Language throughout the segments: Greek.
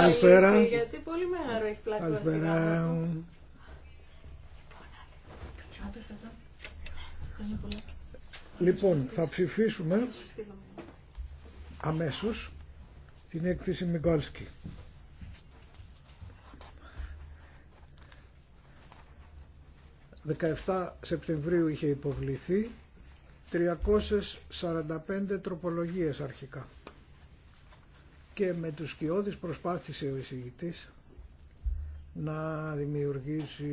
Καλησπέρα. Γιατί πολύ μεγάλο έχει Λοιπόν, θα ψηφίσουμε αμέσως την έκθεση Μιγκόλσκι. «17 Σεπτεμβρίου είχε υποβληθεί 345 τροπολογίες αρχικά και με τους σκιώδεις προσπάθησε ο εισηγητής να δημιουργήσει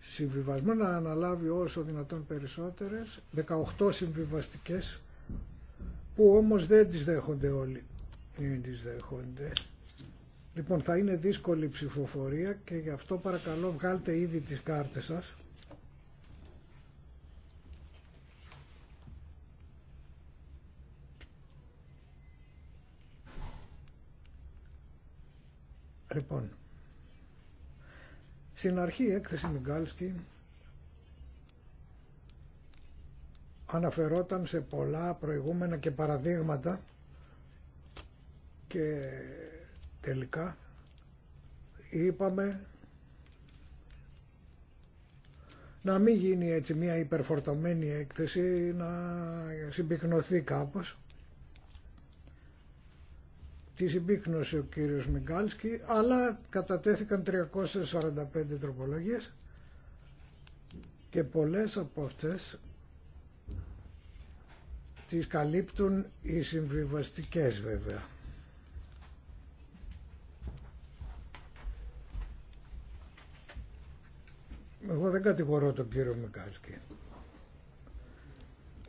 συμβιβασμό, να αναλάβει όσο δυνατόν περισσότερες, 18 συμβιβαστικές που όμως δεν τις δέχονται όλοι. Δεν τις δέχονται. Λοιπόν θα είναι δύσκολη ψηφοφορία και γι' αυτό παρακαλώ βγάλτε ήδη τις κάρτες σας Λοιπόν, στην αρχή η έκθεση Μιγκάλσκι αναφερόταν σε πολλά προηγούμενα και παραδείγματα και τελικά είπαμε να μην γίνει έτσι μια υπερφορτωμένη έκθεση, να συμπυκνωθεί κάπως Τη συμπίκνωσε ο κύριος Μιγκάλσκι, αλλά κατατέθηκαν 345 τροπολογίες και πολλές από αυτές τις καλύπτουν οι συμβιβαστικές βέβαια. Εγώ δεν κατηγορώ τον κύριο Μικάλσκι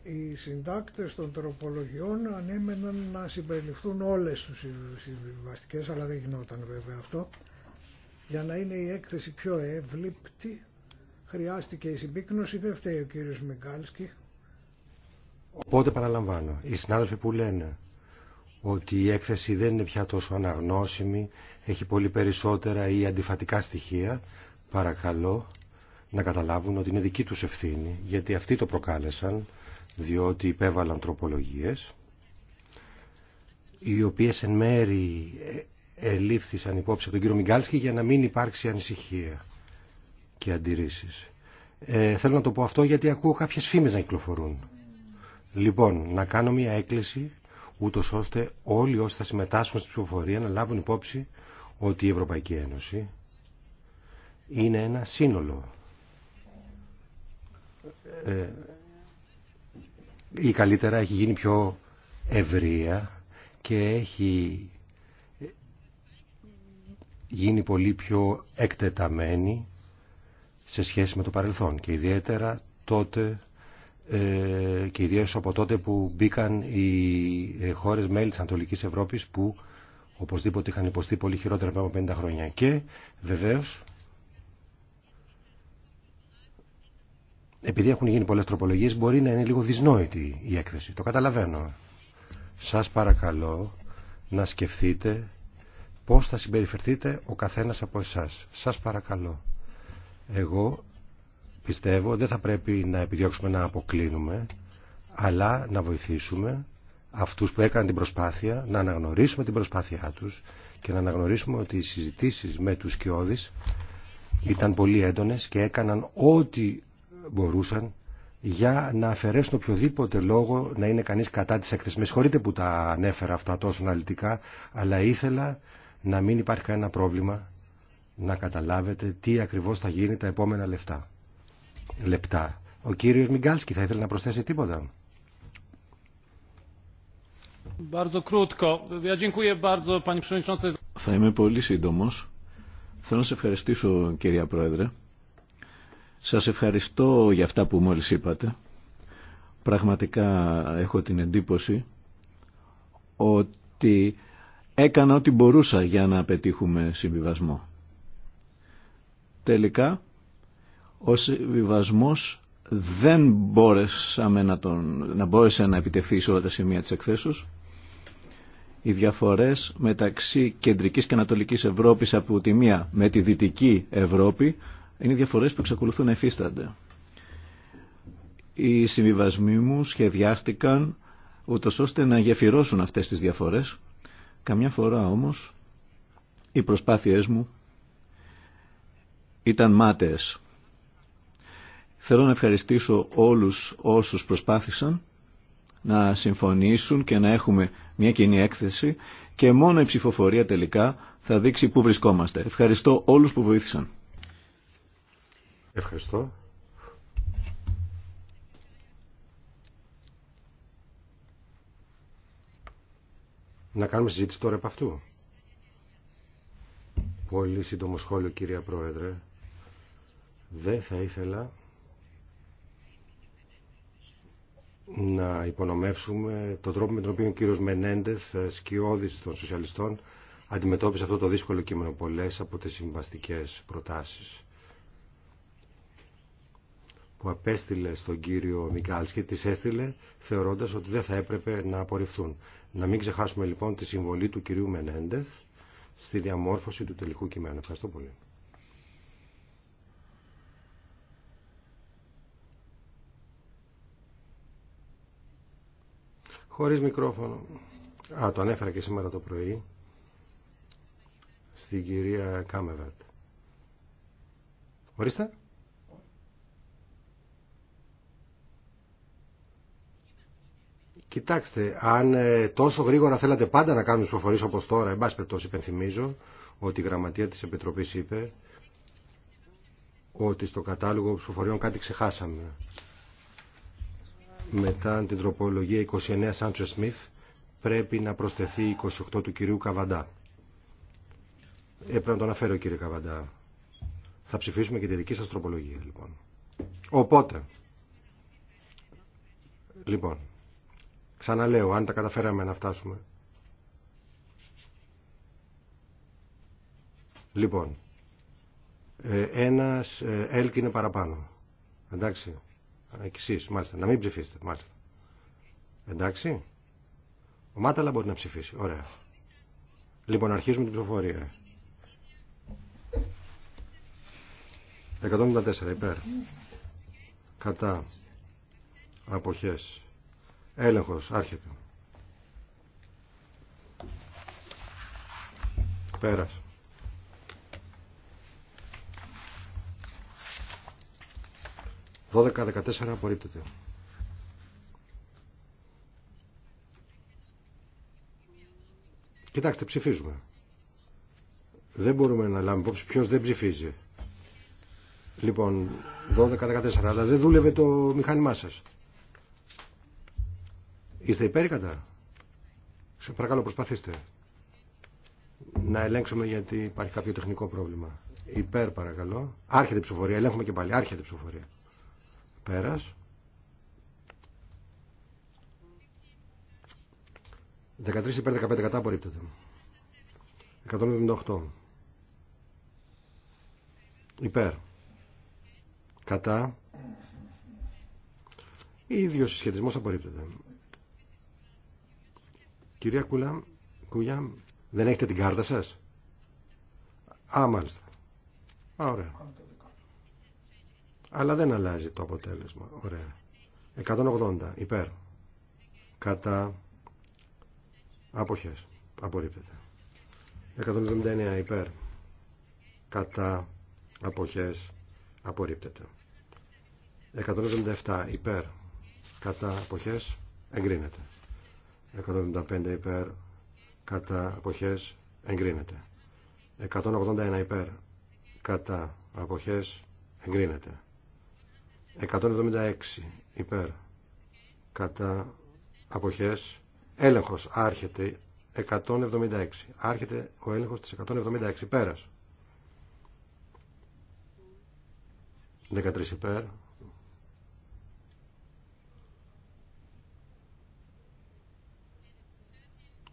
οι συντάκτες των τροπολογιών ανέμεναν να συμπεριληφθούν όλες τις συμβιβαστικές, αλλά δεν γινόταν βέβαια αυτό. Για να είναι η έκθεση πιο εύληπτη, χρειάστηκε η συμπίκνωση, δεν φταίει ο κύριος Μιγκάλσκι. Οπότε παραλαμβάνω, οι συνάδελφοι που λένε ότι η έκθεση δεν είναι πια τόσο αναγνώσιμη, έχει πολύ περισσότερα ή αντιφατικά στοιχεία, παρακαλώ να καταλάβουν ότι είναι δική τους ευθύνη, γιατί αυτοί το προκάλεσαν διότι υπέβαλαν τροπολογίες οι οποίες εν μέρη ελήφθησαν υπόψη από τον κύριο Μιγκάλσκι για να μην υπάρξει ανησυχία και αντιρρήσεις. Ε, θέλω να το πω αυτό γιατί ακούω κάποιες φήμες να κυκλοφορούν. Λοιπόν, να κάνω μια έκκληση ούτω ώστε όλοι όσοι θα συμμετάσχουν στην ψηφοφορία να λάβουν υπόψη ότι η Ευρωπαϊκή Ένωση είναι ένα σύνολο. Ε, ή καλύτερα έχει γίνει πιο ευρεία και έχει γίνει πολύ πιο εκτεταμένη σε σχέση με το παρελθόν και ιδιαίτερα τότε ε, και ιδίως από τότε που μπήκαν οι ε, χώρες μέλη της Ανατολικής Ευρώπης που οπωσδήποτε είχαν υποστεί πολύ χειρότερα από 50 χρόνια και βεβαίως επειδή έχουν γίνει πολλές τροπολογίες μπορεί να είναι λίγο δυσνόητη η έκθεση. Το καταλαβαίνω. Σας παρακαλώ να σκεφτείτε πώς θα συμπεριφερθείτε ο καθένας από εσάς. Σας παρακαλώ. Εγώ πιστεύω δεν θα πρέπει να επιδιώξουμε να αποκλίνουμε αλλά να βοηθήσουμε αυτούς που έκαναν την προσπάθεια να αναγνωρίσουμε την προσπάθειά τους και να αναγνωρίσουμε ότι οι συζητήσεις με τους Κιώδης ήταν πολύ έντονες και έκαναν ό,τι μπορούσαν για να αφαιρέσουν οποιοδήποτε λόγο να είναι κανείς κατά της έκθεσης. Με συγχωρείτε που τα ανέφερα αυτά τόσο αναλυτικά, αλλά ήθελα να μην υπάρχει κανένα πρόβλημα να καταλάβετε τι ακριβώς θα γίνει τα επόμενα λεφτά. λεπτά. Ο κύριος Μιγκάλσκι θα ήθελε να προσθέσει τίποτα. Θα είμαι πολύ σύντομος. Θέλω να σε ευχαριστήσω κυρία Πρόεδρε. Σας ευχαριστώ για αυτά που μόλις είπατε. Πραγματικά έχω την εντύπωση ότι έκανα ό,τι μπορούσα για να πετύχουμε συμβιβασμό. Τελικά, ο συμβιβασμός δεν μπόρεσαμε να, τον, να μπόρεσε να επιτευχθεί σε όλα τα σημεία της εκθέσεως. Οι διαφορές μεταξύ κεντρικής και ανατολικής Ευρώπης από τη μία με τη δυτική Ευρώπη είναι διαφορές που εξακολουθούν να εφίστανται. Οι συμβιβασμοί μου σχεδιάστηκαν ούτω ώστε να γεφυρώσουν αυτές τις διαφορές. Καμιά φορά όμως οι προσπάθειές μου ήταν μάταιες. Θέλω να ευχαριστήσω όλους όσους προσπάθησαν να συμφωνήσουν και να έχουμε μια κοινή έκθεση και μόνο η ψηφοφορία τελικά θα δείξει πού βρισκόμαστε. Ευχαριστώ όλους που βοήθησαν. Ευχαριστώ. Να κάνουμε συζήτηση τώρα από αυτού. Πολύ σύντομο σχόλιο κυρία Πρόεδρε. Δεν θα ήθελα να υπονομεύσουμε τον τρόπο με τον οποίο ο κύριος Μενέντεθ, σκιώδης των σοσιαλιστών, αντιμετώπισε αυτό το δύσκολο κείμενο πολλές από τις συμβαστικές προτάσεις που απέστειλε στον κύριο και τις έστειλε θεωρώντας ότι δεν θα έπρεπε να απορριφθούν. Να μην ξεχάσουμε λοιπόν τη συμβολή του κυρίου Μενέντεθ στη διαμόρφωση του τελικού κειμένου. Ευχαριστώ πολύ. Χωρίς μικρόφωνο. Α, το ανέφερα και σήμερα το πρωί στην κυρία Κάμεβατ. Ορίστε. Κοιτάξτε, αν ε, τόσο γρήγορα θέλατε πάντα να κάνουμε ψηφοφορίες όπω τώρα, εν πάση περιπτώσει υπενθυμίζω ότι η γραμματεία τη Επιτροπή είπε ότι στο κατάλογο ψηφοφοριών κάτι ξεχάσαμε. Μετά την τροπολογία 29 Σάντσε Σμιθ πρέπει να προσθεθεί 28 του κυρίου Καβαντά. Ε, Έπρεπε να το αναφέρω κύριε Καβαντά. Θα ψηφίσουμε και τη δική σας τροπολογία λοιπόν. Οπότε, λοιπόν, Ξαναλέω, αν τα καταφέραμε να φτάσουμε. Λοιπόν, ε, ένας ΕΛΚ είναι παραπάνω. Εντάξει, εξής, μάλιστα, να μην ψηφίσετε, μάλιστα. Εντάξει, ο Μάταλα μπορεί να ψηφίσει, ωραία. Λοιπόν, αρχίζουμε την ψηφοφορία. τέσσερα, υπέρ. Κατά. Αποχές. Έλεγχος. Άρχεται. Πέρας. Δώδεκα δεκατέσσερα απορρίπτεται. Κοιτάξτε, ψηφίζουμε. Δεν μπορούμε να λάβουμε υπόψη ποιο δεν ψηφίζει. Λοιπόν, 12-14, αλλά δεν δούλευε το μηχάνημά σα. Είστε υπέρ κατά. Σε παρακαλώ προσπαθήστε. Να ελέγξουμε γιατί υπάρχει κάποιο τεχνικό πρόβλημα. Υπέρ παρακαλώ. Άρχεται η ψηφοφορία. Ελέγχουμε και πάλι. Άρχεται η ψηφοφορία. Πέρας. 13 υπέρ 15 κατά απορρίπτεται. 178. Υπέρ. Κατά. Ίδιος συσχετισμός απορρίπτεται. Κυρία Κουλάμ, δεν έχετε την κάρτα σας. Α, μάλιστα. Α, ωραία. Αλλά δεν αλλάζει το αποτέλεσμα. Ωραία. 180 υπέρ. Κατά αποχές. Απορρίπτεται. 179 υπέρ. Κατά αποχές. Απορρίπτεται. 177 υπέρ. Κατά αποχές. Εγκρίνεται. 175 υπέρ κατά αποχές εγκρίνεται 181 υπέρ κατά αποχές εγκρίνεται 176 υπέρ κατά αποχές έλεγχος άρχεται 176 άρχεται ο έλεγχος της 176 υπέρας. 13 υπέρ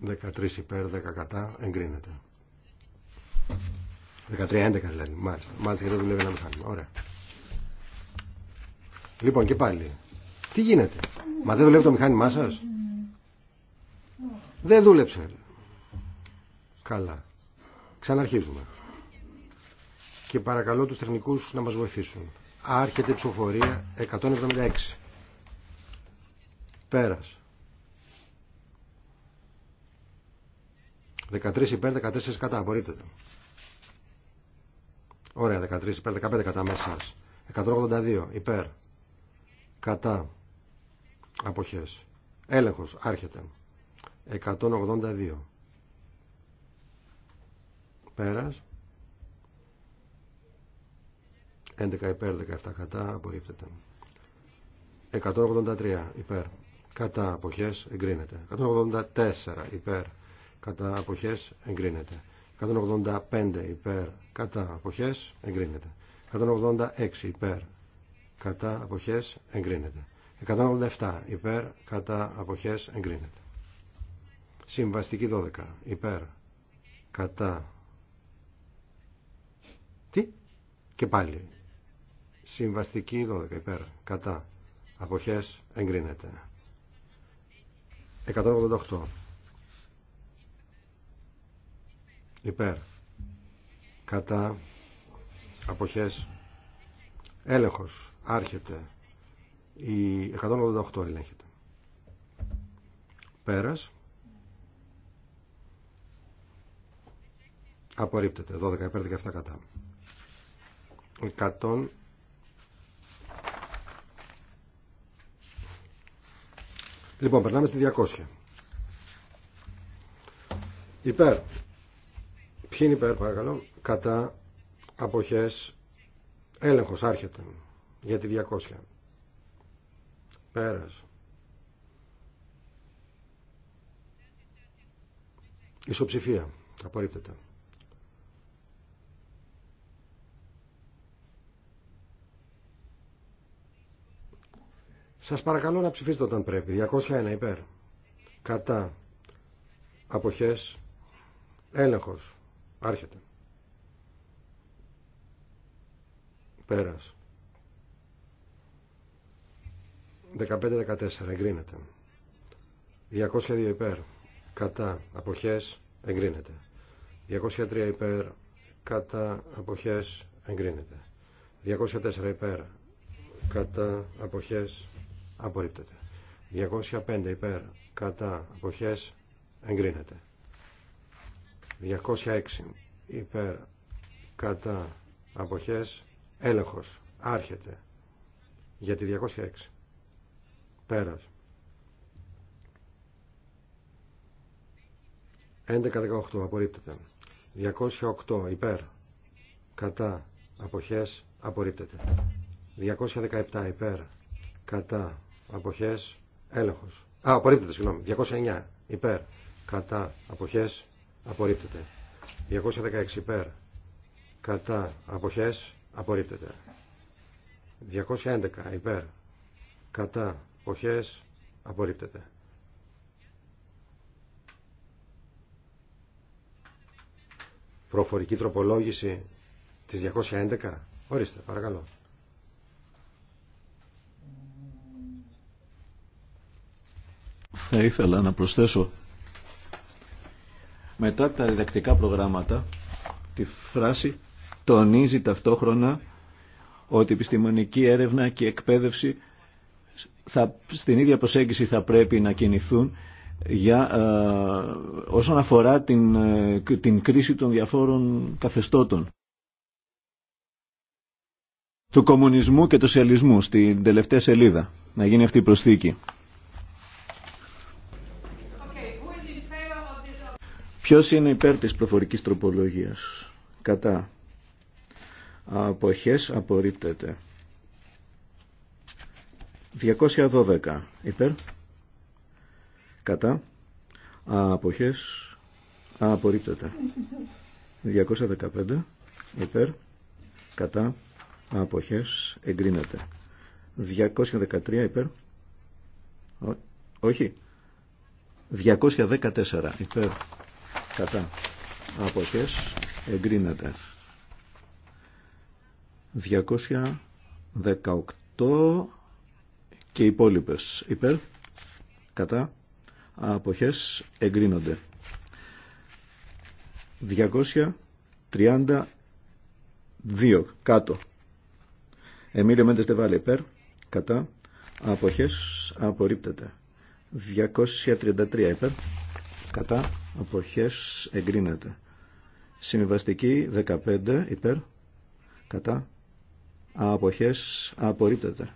13 υπέρ, 10 κατά, εγκρίνεται. 13-11 δηλαδή, μάλιστα. Μάλιστα γιατί δουλεύει ένα μηχάνημα. Ωραία. Λοιπόν και πάλι. Τι γίνεται. Μα δεν δουλεύει το μηχάνημά σα. Δεν δούλεψε. Καλά. Ξαναρχίζουμε. Και παρακαλώ τους τεχνικούς να μας βοηθήσουν. Άρχεται η ψηφοφορία 176. Πέρας. 13 υπέρ, 14 κατά. Απορρίπτεται. Ωραία, 13 υπέρ, 15 κατά μέσα 182 υπέρ, κατά, αποχές. Έλεγχος, άρχεται. 182. Πέρας. 11 υπέρ, 17 κατά, απορρίπτεται. 183 υπέρ, κατά, αποχές, εγκρίνεται. 184 υπέρ, κατά αποχές εγκρίνεται. 185 υπέρ κατά αποχές εγκρίνεται. 186 υπέρ κατά αποχές εγκρίνεται. 187 υπέρ κατά αποχές εγκρίνεται. Συμβαστική 12 υπέρ κατά τι και πάλι συμβαστική 12 υπέρ κατά αποχές εγκρίνεται. 188 υπέρ κατά αποχές έλεγχος άρχεται η 188 ελέγχεται πέρας απορρίπτεται 12 υπέρ 17 κατά 100 Λοιπόν, περνάμε στη 200. Υπέρ είναι υπέρ παρακαλώ. Κατά αποχές έλεγχος άρχεται για τη 200. Πέρας. Ισοψηφία. Απορρίπτεται. Σας παρακαλώ να ψηφίσετε όταν πρέπει. 201 υπέρ. Κατά. Αποχές. Έλεγχος. Άρχεται. Πέρας. 15-14 εγκρίνεται. 202 υπέρ κατά αποχές εγκρίνεται. 203 υπέρ κατά αποχές εγκρίνεται. 204 υπέρ κατά αποχές απορρίπτεται. 205 υπέρ κατά αποχές εγκρίνεται. 206 υπέρ κατά αποχές έλεγχος άρχεται για τη 206 πέρας 11-18 απορρίπτεται 208 υπέρ κατά αποχές απορρίπτεται 217 υπέρ κατά αποχές έλεγχος α απορρίπτεται συγγνώμη 209 υπέρ κατά αποχές απορρίπτεται. 216 πέρ, κατά αποχές απορρίπτεται. 211 υπέρ κατά αποχές απορρίπτεται. Προφορική τροπολόγηση της 211. Ορίστε, παρακαλώ. Θα ήθελα να προσθέσω μετά τα διδακτικά προγράμματα τη φράση τονίζει ταυτόχρονα ότι η επιστημονική έρευνα και η εκπαίδευση θα, στην ίδια προσέγγιση θα πρέπει να κινηθούν για, ε, όσον αφορά την, ε, την κρίση των διαφόρων καθεστώτων του κομμουνισμού και του σελισμού στην τελευταία σελίδα να γίνει αυτή η προσθήκη. Ποιος είναι υπέρ της προφορικής τροπολογίας. Κατά. Αποχές απορρίπτεται. 212. Υπέρ. Κατά. Αποχές απορρίπτεται. 215. Υπέρ. Κατά. Αποχές εγκρίνεται. 213 υπέρ. όχι. 214 υπέρ κατά αποχές εγκρίνεται 218 και υπόλοιπες υπέρ κατά αποχές εγκρίνονται 232 κάτω Εμίλιο Μέντες βάλει υπέρ κατά αποχές απορρίπτεται 233 υπέρ κατά αποχές εγκρίνεται. Συμβιβαστική 15 υπέρ κατά αποχές απορρίπτεται.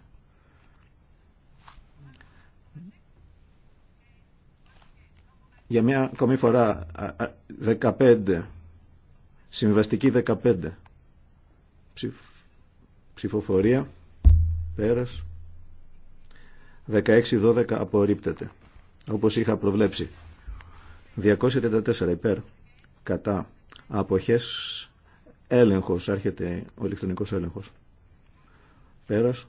Για μια ακόμη φορά 15 συμβιβαστική 15 Ψηφ, ψηφοφορία πέρας 16-12 απορρίπτεται όπως είχα προβλέψει. 234 υπέρ κατά αποχές έλεγχος άρχεται ο ηλεκτρονικός έλεγχος πέρας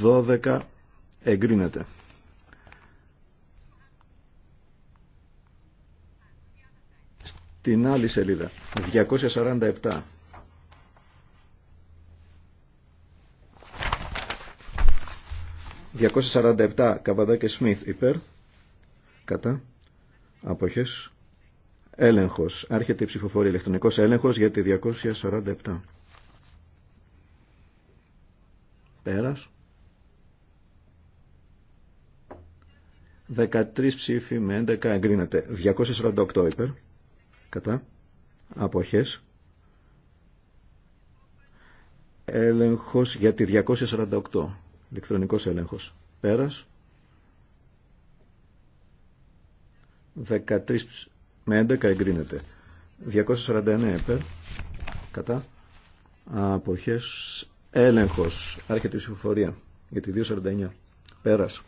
17-12 εγκρίνεται στην άλλη σελίδα 247 247 Καβαδά Σμιθ υπέρ κατά αποχές έλεγχος άρχεται η ψηφοφορία ηλεκτρονικός έλεγχος για τη 247 πέρας 13 ψήφοι με 11 εγκρίνεται 248 υπέρ κατά αποχές έλεγχος για τη 248 ηλεκτρονικός έλεγχος. Πέρας. 13 με 11 εγκρίνεται. 249 επέρ. Κατά. Αποχές. Έλεγχος. Άρχεται η ψηφοφορία. Για τη 249. Πέρας.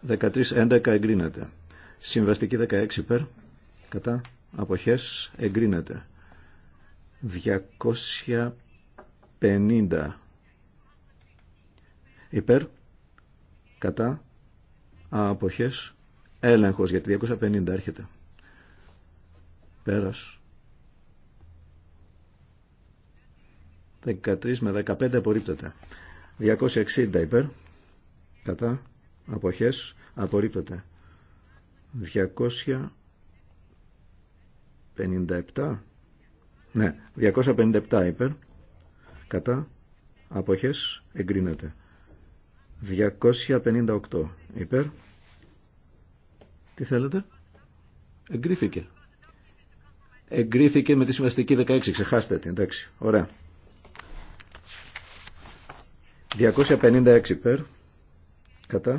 13-11 εγκρίνεται. Συμβαστική 16 υπέρ. Κατά. Αποχές. Εγκρίνεται. 200 50 υπέρ κατά αποχές έλεγχος για 250 έρχεται πέρας 13 με 15 απορρίπτεται 260 υπέρ κατά αποχές απορρίπτεται 257 ναι 257 υπέρ κατά αποχές εγκρίνεται 258 υπέρ τι θέλετε εγκρίθηκε εγκρίθηκε με τη συμβαστική 16 ξεχάστε την εντάξει ωραία 256 υπέρ κατά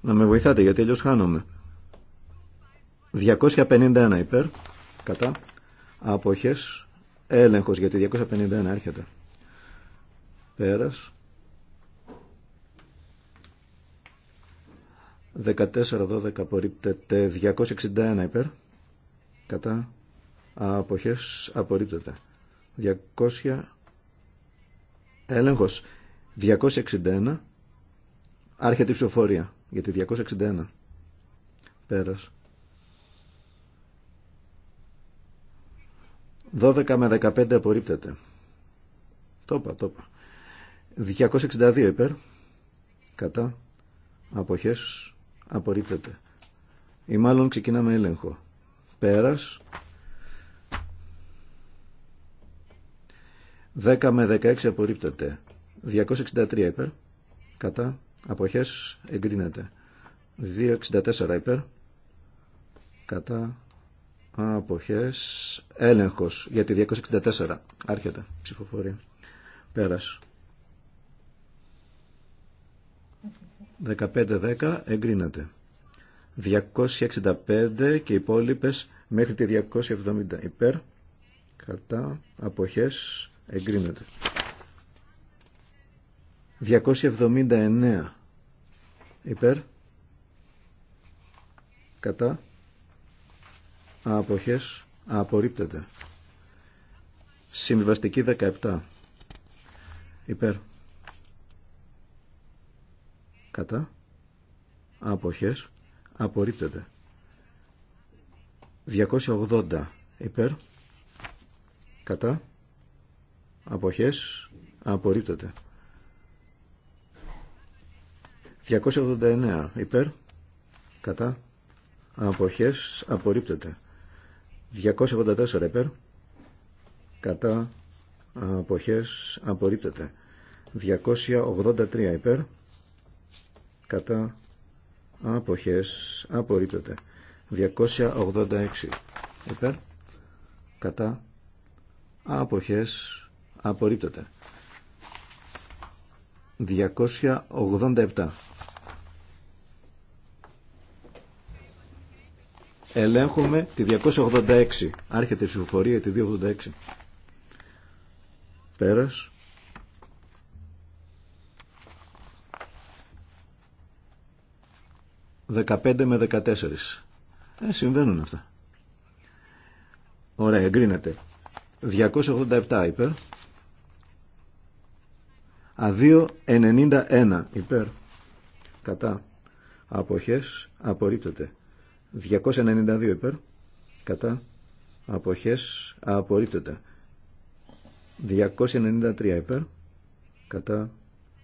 να με βοηθάτε γιατί αλλιώς χάνομαι. 251 υπέρ, κατά, άποχες, έλεγχος γιατί 251 έρχεται. Πέρας. 14-12 απορρίπτεται, 261 υπέρ, κατά, άποχες, απορρίπτεται. 200, έλεγχος, 261, άρχεται η ψηφοφορία για τη 261 πέρας 12 με 15 απορρίπτεται το είπα το είπα 262 υπέρ κατά αποχές απορρίπτεται ή μάλλον ξεκινάμε έλεγχο πέρας 10 με 16 απορρίπτεται 263 υπέρ κατά αποχές εγκρίνεται 264 υπέρ κατά αποχές έλεγχος για τη 264 άρχεται ψηφοφορία πέρας 15-10 εγκρίνεται 265 και υπόλοιπε μέχρι τη 270 υπέρ κατά αποχές εγκρίνεται 279 υπέρ κατά αποχές απορρίπτεται συμβιβαστική 17 υπέρ κατά αποχές απορρίπτεται 280 υπέρ κατά αποχές απορρίπτεται 289 υπέρ κατά αποχές απορρίπτεται 284 υπέρ κατά αποχές απορρίπτεται 283 υπέρ κατά αποχές απορρίπτεται 286 υπέρ κατά αποχές απορρίπτεται 287 ελέγχουμε τη 286. Άρχεται η ψηφοφορία τη 286. Πέρας. 15 με 14. Ε, συμβαίνουν αυτά. Ωραία, εγκρίνεται. 287 υπέρ. Α 91 υπέρ. Κατά. Αποχές απορρίπτεται. 292 υπέρ κατά αποχές απορρίπτεται 293 υπέρ κατά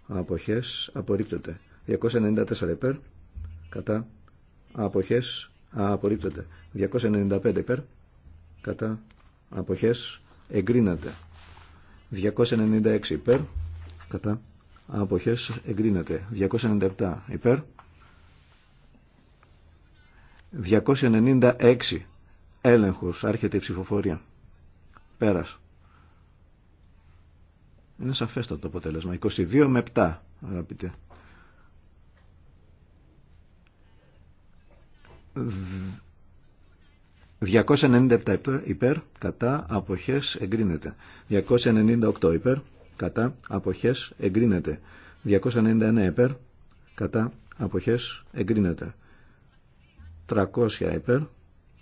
αποχές απορρίπτεται 294 υπέρ κατά αποχές απορρίπτεται 295 υπέρ κατά αποχές εγκρίνεται 296 υπέρ κατά αποχές εγκρίνεται 297 υπέρ 296 έλεγχος άρχεται η ψηφοφορία πέρας είναι σαφέστατο το αποτέλεσμα 22 με 7 αγαπητέ 297 υπέρ, κατά, αποχές, εγκρίνεται. 298 υπέρ, κατά, αποχές, εγκρίνεται. 299 υπέρ, κατά, αποχές, εγκρίνεται. 300 υπέρ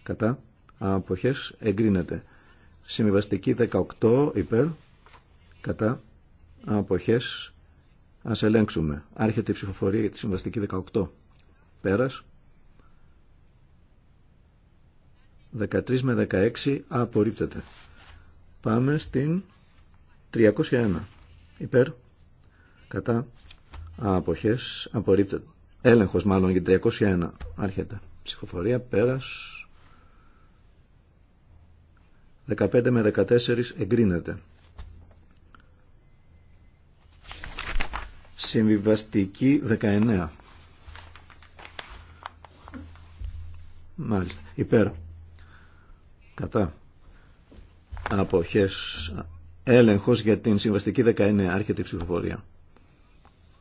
κατά αποχές εγκρίνεται συμβιβαστική 18 υπέρ κατά αποχές ας ελέγξουμε άρχεται η ψηφοφορία για τη συμβαστική 18 πέρας 13 με 16 απορρίπτεται πάμε στην 301 υπέρ κατά αποχές απορρίπτεται έλεγχος μάλλον για 301 άρχεται Ψηφοφορία πέρας. 15 με 14 εγκρίνεται. Συμβιβαστική 19. Μάλιστα. Υπέρ. Κατά. Αποχές. Έλεγχος για την συμβαστική 19. Άρχεται η ψηφοφορία.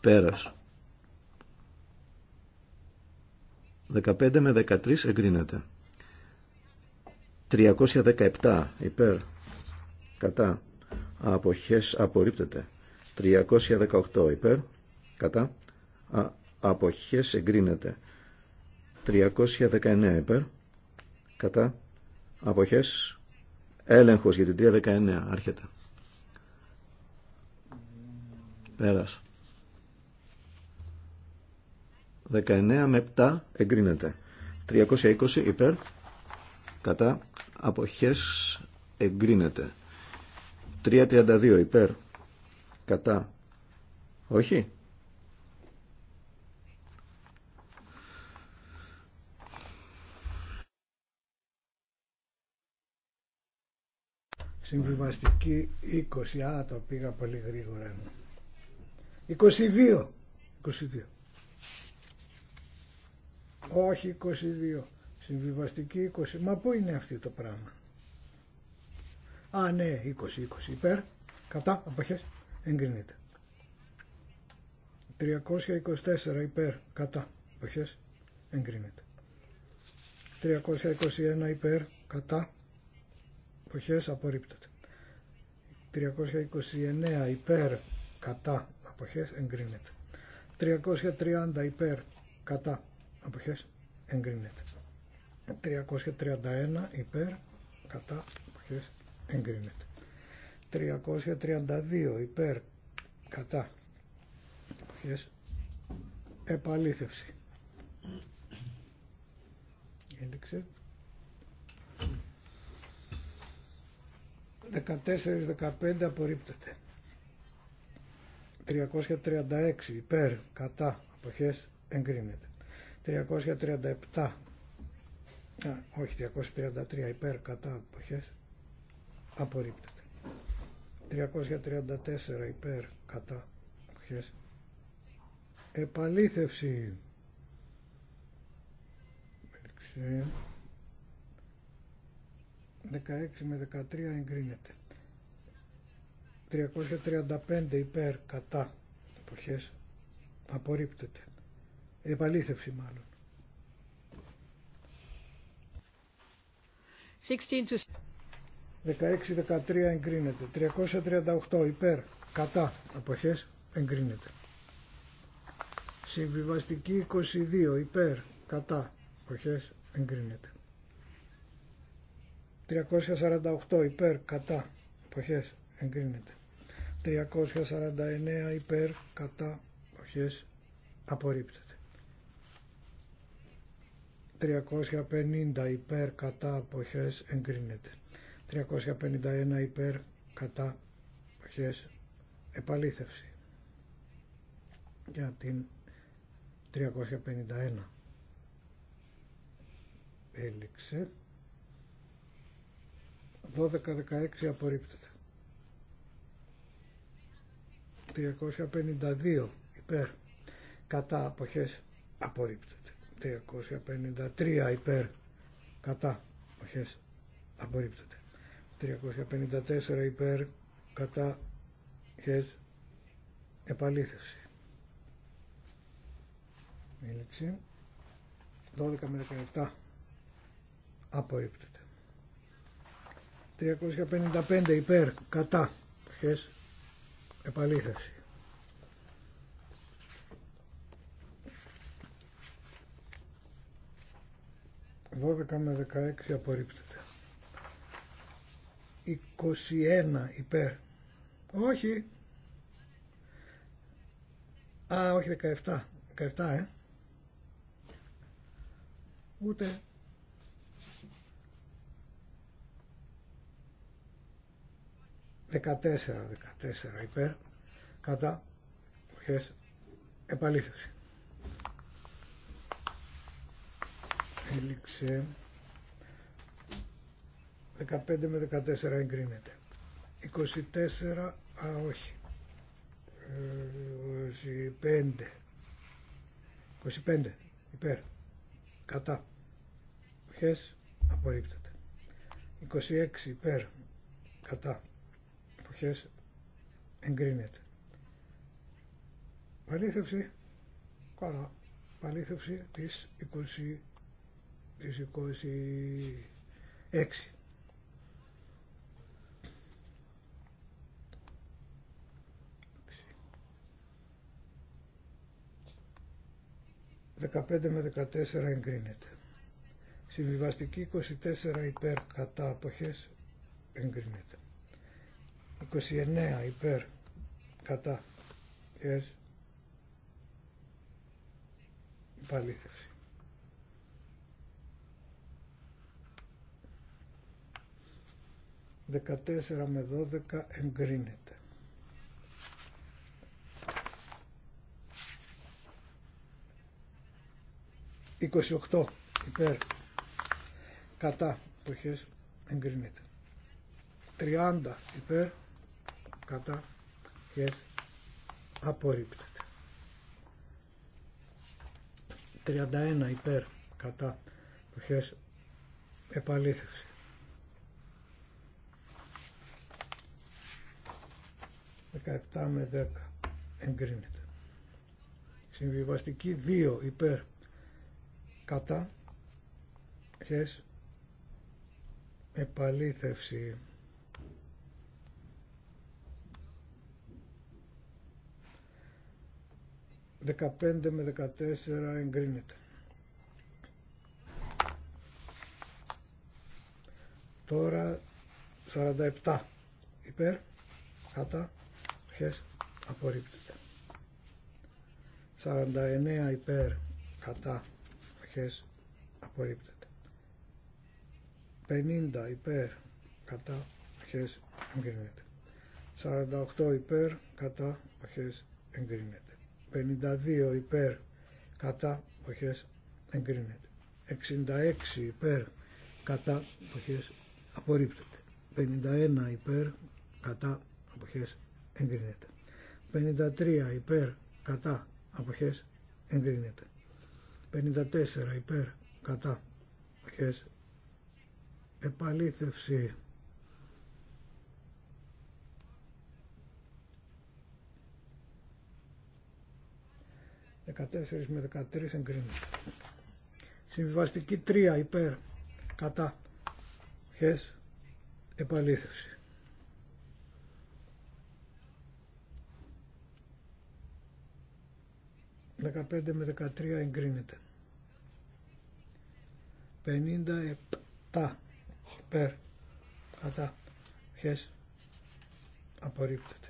Πέρας. 15 με 13 εγκρίνεται. 317 υπέρ κατά αποχές απορρίπτεται. 318 υπέρ κατά α, αποχές εγκρίνεται. 319 υπέρ κατά αποχές έλεγχος για την 319 άρχεται. πέρασε. 19 με 7 εγκρίνεται. 320 υπέρ κατά αποχές εγκρίνεται. 332 υπέρ κατά όχι. Συμβιβαστική 20. Α, το πήγα πολύ γρήγορα. 22. 22. Όχι 22. Συμβιβαστική 20. Μα πού είναι αυτή το πράγμα. Α, ναι, 20, 20. Υπέρ. Κατά. Αποχές. Εγκρίνεται. 324 υπέρ. Κατά. Αποχές. Εγκρίνεται. 321 υπέρ. Κατά. Αποχές. Απορρίπτεται. 329 υπέρ. Κατά. Αποχές. Εγκρίνεται. 330 υπέρ. Κατά αποχές εγκρίνεται 331 υπέρ κατά αποχές εγκρίνεται 332 υπέρ κατά αποχές επαλήθευση έλεξε 14-15 απορρίπτεται 336 υπέρ κατά αποχές εγκρίνεται 337 όχι 333 υπέρ κατά αποχές απορρίπτεται 334 υπέρ κατά αποχές επαλήθευση 16 με 13 εγκρίνεται 335 υπέρ κατά εποχές απορρίπτεται επαλήθευση μάλλον. 16-13 εγκρίνεται. 338 υπέρ, κατά, αποχές, εγκρίνεται. Συμβιβαστική 22 υπέρ, κατά, αποχές, εγκρίνεται. 348 υπέρ, κατά, αποχές, εγκρίνεται. 349 υπέρ, κατά, αποχές, απορρίπτεται. 350 υπέρ κατά αποχές εγκρίνεται. 351 υπέρ κατά αποχές επαλήθευση. Για την 351. Έληξε. 12-16 απορρίπτεται. 352 υπέρ κατά αποχές απορρίπτεται. 353 υπέρ κατά αποχές απορρίπτεται 354 υπέρ κατά χες επαλήθευση 12 με 17 απορρίπτεται 355 υπέρ κατά χες επαλήθευση 12 με 16 απορρίπτεται. 21 υπέρ. Όχι. Α, όχι 17. 17, ε. Ούτε. Δεκατέσσερα, δεκατέσσερα υπέρ, κατά, επαλήθευση. 15 με 14 εγκρίνεται 24 α όχι 25 25 υπέρ κατά εποχές απορρίπτεται 26 υπέρ κατά εποχές εγκρίνεται παλήθευση καλά παλήθευση της 20 της 26. 15 με 14 εγκρίνεται. Συμβιβαστική 24 υπέρ κατά αποχές εγκρίνεται. 29 υπέρ κατά yes. 14 με 12 εγκρίνεται. «28 υπέρ κατά προχές εγκρίνεται». «30 υπέρ κατά εποχές απορρίπτεται». «31 υπέρ κατά προχές επαλήθευση». 17 με 10 εγκρίνεται. Συμβιβαστική 2 υπέρ κατά χες επαλήθευση. 15 με 14 εγκρίνεται. Τώρα 47 υπέρ, κατά, απορρίπτεται 49 υπέρ κατά αρχές απορρίπτεται 50 υπέρ κατά αρχές εγκρίνεται 48 υπέρ κατά αρχές εγκρίνεται 52 υπέρ κατά αρχές εγκρίνεται 66 υπέρ κατά αρχές απορρίπτεται 51 υπέρ κατά αποχές εγκρίνεται. 53 υπέρ κατά αποχές εγκρίνεται. 54 υπέρ κατά αποχές επαλήθευση Δεκατέσσερις με 13 εγκρίνεται. Συμβιβαστική 3 υπέρ κατά χες επαλήθευση. 15 με 13 εγκρίνεται. 57 υπέρ κατά χες απορρίπτεται.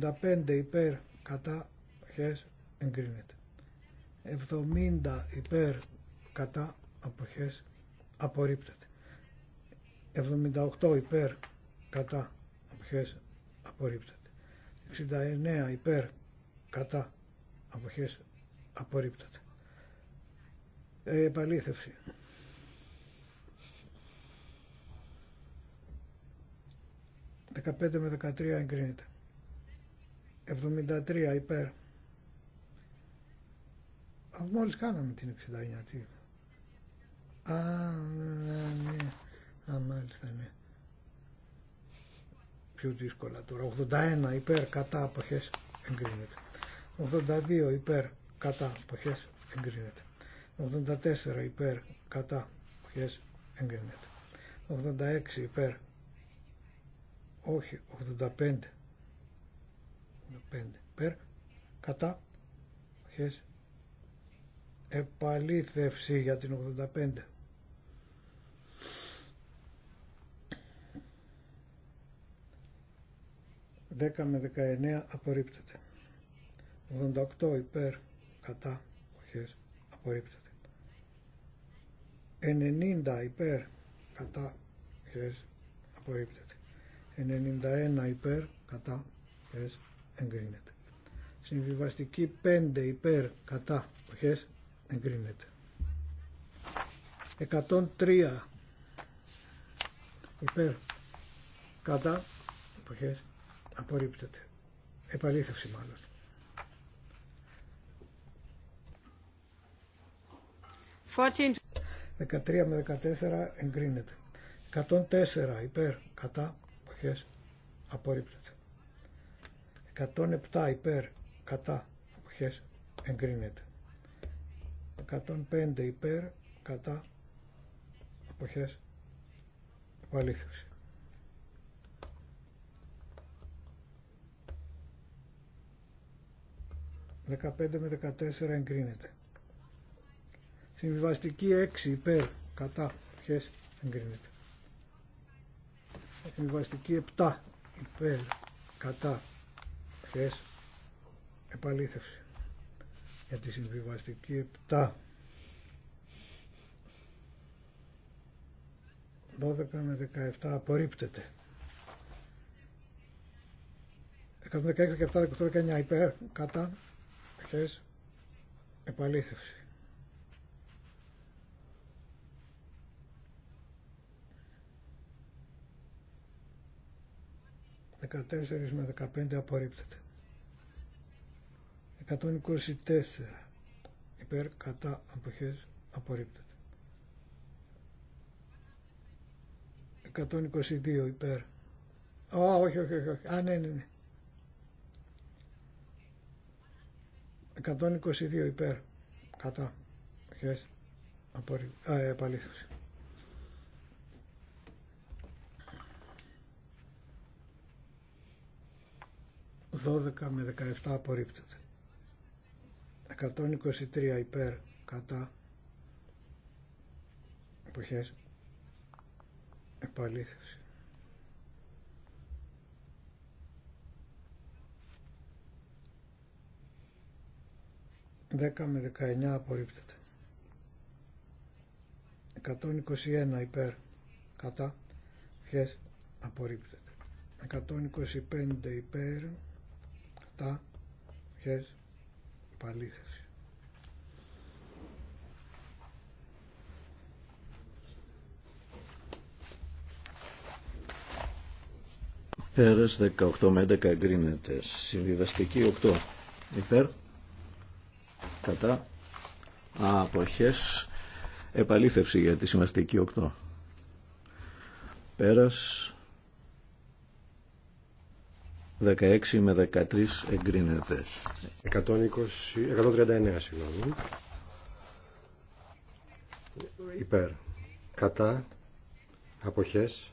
65 υπέρ κατά χες εγκρίνεται. 70 υπέρ κατά αποχές απορρίπτεται. 78 υπέρ κατά αποχές απορρίπτεται. 69 υπέρ κατά αποχές απορρίπτεται. Ε, επαλήθευση. 15 με 13 εγκρίνεται. 73 υπέρ. Αφού μόλις κάναμε την 69 Α, ναι, ναι. Α, μάλιστα ναι. Πιο δύσκολα τώρα. 81 υπέρ κατά αποχές εγκρίνεται. 82 υπέρ κατά αποχές εγκρίνεται. 84 υπέρ κατά αποχές εγκρίνεται. 86 υπέρ όχι 85 υπέρ κατά αποχές επαλήθευση για την 85. 10 με 19 απορρίπτεται. 88 υπέρ κατά οχές απορρίπτεται 90 υπέρ κατά χες απορρίπτεται 91 υπέρ κατά οχές εγκρίνεται συμβιβαστική 5 υπέρ κατά οχές εγκρίνεται 103 υπέρ κατά οχές απορρίπτεται επαλήθευση μάλλον 13 με 14 εγκρίνεται. 104 υπέρ κατά αποχές απορρίπτεται. 107 υπέρ κατά αποχές εγκρίνεται. 105 υπέρ κατά αποχές απαλήθευση Δεκαπέντε με 14 εγκρίνεται. Συμβιβαστική 6 υπέρ κατά ποιες εγκρίνεται. Συμβιβαστική 7 υπέρ κατά ποιες επαλήθευση. Για τη συμβιβαστική 7 12 με 17 απορρίπτεται. 116, 17, 18, 19 υπέρ, κατά, ποιες επαλήθευση. 14 με 15 απορρίπτεται. 124 υπέρ κατά αποχές απορρίπτεται. 122 υπέρ. Α, όχι, όχι, όχι, Α, ναι, ναι, ναι. 122 υπέρ κατά αποχές απορρίπτεται. Α, ε, επαλήθωση. 12 με 17 απορρίπτεται. 123 υπέρ κατά εποχές επαλήθευση. 10 με 19 απορρίπτεται. 121 υπέρ κατά ποιες απορρίπτεται. 125 υπέρ τα χες επαλήθευση. Πέρας 18 με 11 εγκρίνεται. Συμβιβαστική 8 υπέρ κατά αποχές επαλήθευση για τη συμβαστική 8. Πέρας 16 με 13 εγκρίνεται. 120, 139 συγγνώμη. Υπέρ. Κατά. Αποχές.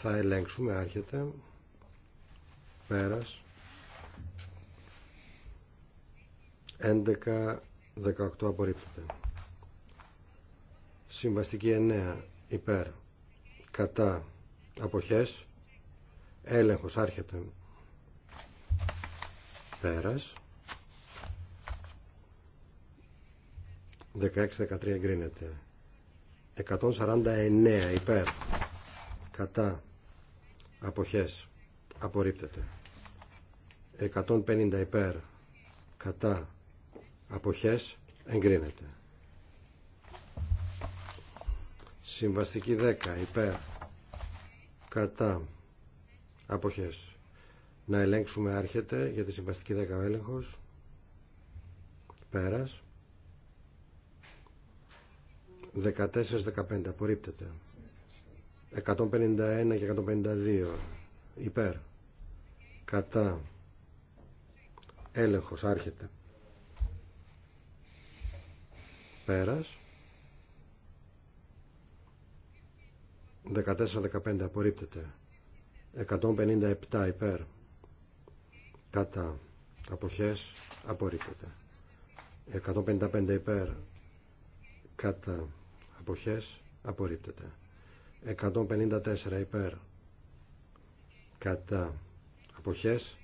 Θα ελέγξουμε. Άρχεται. Πέρας. 11-18 απορρίπτεται. Συμβαστική 9. Υπέρ. Κατά. Αποχές Έλεγχος άρχεται. Πέρας. 16-13 εγκρίνεται. 149 υπέρ. Κατά. Αποχές. Απορρίπτεται. 150 υπέρ. Κατά. Αποχές. Εγκρίνεται. Συμβαστική 10 υπέρ. Κατά αποχές. Να ελέγξουμε άρχεται για τη συμβαστική 10 έλεγχος. Πέρας. 14-15 απορρίπτεται. 151 και 152 υπέρ. Κατά. Έλεγχος άρχεται. Πέρας. 14-15 απορρίπτεται. 157 υπέρ κατά αποχές απορρίπτεται 155 υπέρ κατά αποχές απορρίπτεται 154 υπέρ κατά αποχές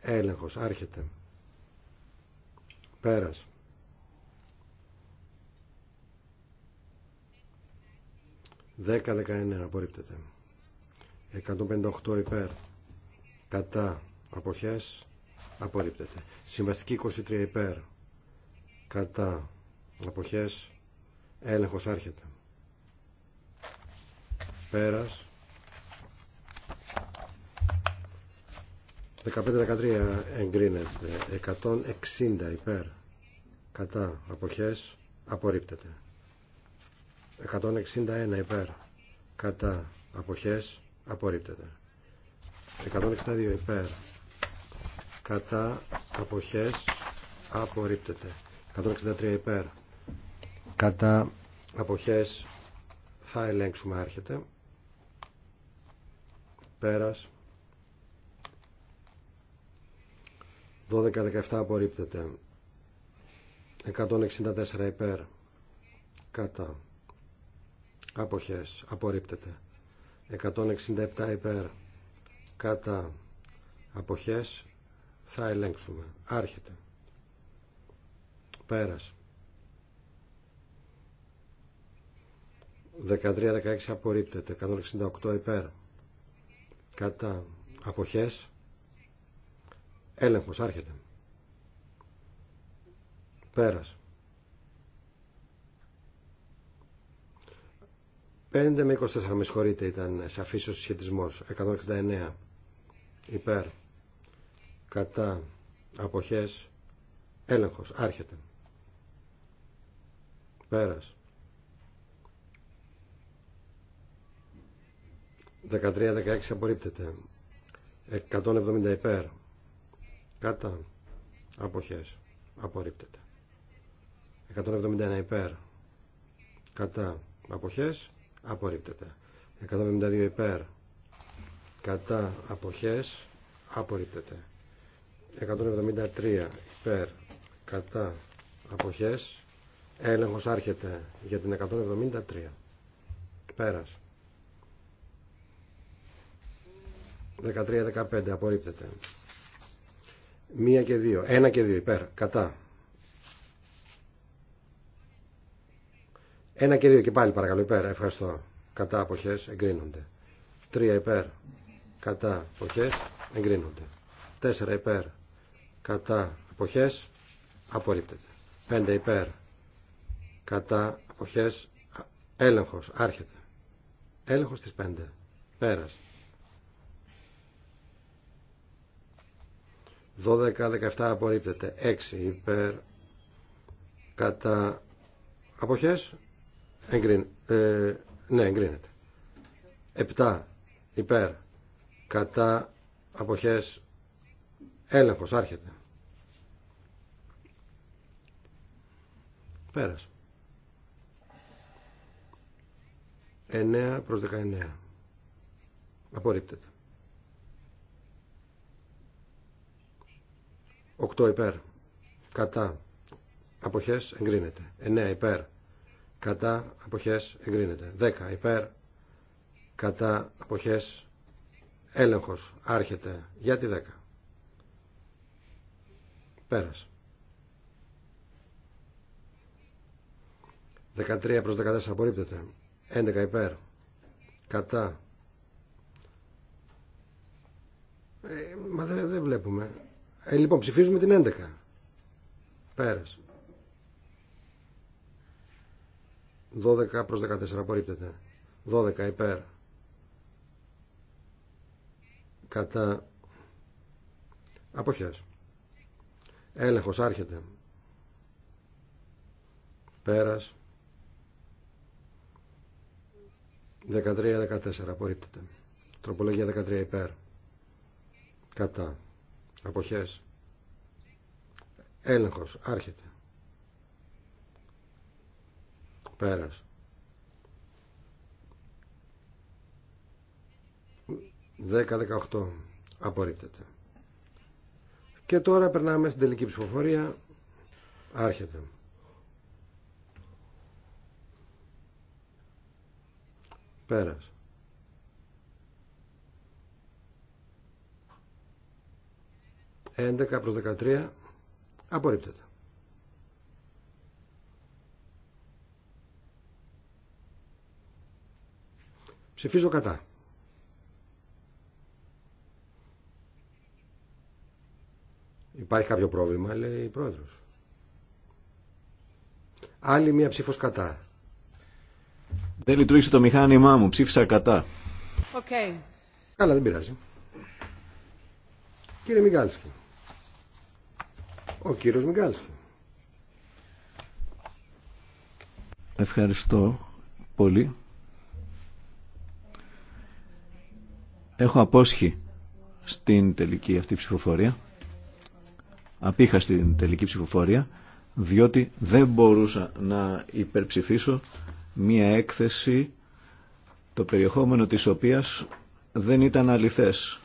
έλεγχος άρχεται πέρας απορρίπτεται 158 υπέρ κατά αποχές απορρίπτεται. Συμβαστική 23 υπέρ κατά αποχές έλεγχος άρχεται. Πέρας 15-13 εγκρίνεται 160 υπέρ κατά αποχές απορρίπτεται 161 υπέρ κατά αποχές απορρίπτεται 162 υπέρ κατά αποχές απορρίπτεται 163 υπέρ κατά αποχές θα ελέγξουμε άρχεται πέρας 12-17 απορρίπτεται 164 υπέρ κατά αποχές απορρίπτεται 167 υπέρ κατά αποχές θα ελέγξουμε. Άρχεται. Πέρας. 13-16 απορρίπτεται. 168 υπέρ. Κατά αποχές. Έλεγχος. Άρχεται. Πέρας. 5 με 24, με συγχωρείτε, ήταν σαφής ο συσχετισμός. 169 υπέρ κατά αποχές έλεγχος. Άρχεται. Πέρας. 13-16 απορρίπτεται. 170 υπέρ. Κατά. Αποχές. Απορρίπτεται. 171 υπέρ. Κατά. Αποχές απορρίπτεται. 172 υπέρ κατά αποχές απορρίπτεται. 173 υπέρ κατά αποχές έλεγχος άρχεται για την 173 πέρας 13-15 απορρίπτεται 1 και 2 1 και 2 υπέρ κατά Ένα και δύο και πάλι παρακαλώ υπέρ. Ευχαριστώ. Κατά αποχές εγκρίνονται. Τρία υπέρ. Κατά αποχές εγκρίνονται. Τέσσερα υπέρ. Κατά αποχές απορρίπτεται. Πέντε υπέρ. Κατά αποχές έλεγχος. Άρχεται. Έλεγχος της πέντε. Πέρας. 12-17 απορρίπτεται. 6 υπέρ. Κατά αποχές ε, ναι, εγκρίνεται. 7. Υπέρ. Κατά αποχές έλεγχος. Άρχεται. Πέρασε. 9 προς 19. Απορρίπτεται. 8 υπέρ. Κατά. Αποχές εγκρίνεται. 9 υπέρ κατά αποχές εγκρίνεται. 10 υπέρ κατά αποχές έλεγχος άρχεται για τη 10. Πέρας. 13 προς 14 απορρίπτεται. 11 υπέρ κατά ε, μα δεν δε βλέπουμε. Ε, λοιπόν, ψηφίζουμε την 11. Πέρασε. 12 προς 14 απορρίπτεται. 12 υπέρ. Κατά αποχές. Έλεγχος άρχεται. Πέρας. 13-14 απορρίπτεται. Τροπολογία 13 υπέρ. Κατά. Αποχές. Έλεγχος άρχεται. 10 10-18. Απορρίπτεται. Και τώρα περνάμε στην τελική ψηφοφορία. Άρχεται. Άρχεται. 11 προ 13. Απορρίπτεται. Ψηφίζω κατά. Υπάρχει κάποιο πρόβλημα, λέει η πρόεδρος. Άλλη μία ψήφος κατά. Δεν λειτουργήσε το μηχάνημά μου, ψήφισα κατά. Καλά, δεν πειράζει. Κύριε Μιγκάλσκι. Ο κύριος Μιγκάλσκι. Ευχαριστώ πολύ. Έχω απόσχει στην τελική αυτή ψηφοφορία. Απήχα στην τελική ψηφοφορία διότι δεν μπορούσα να υπερψηφίσω μία έκθεση το περιεχόμενο της οποίας δεν ήταν αληθές.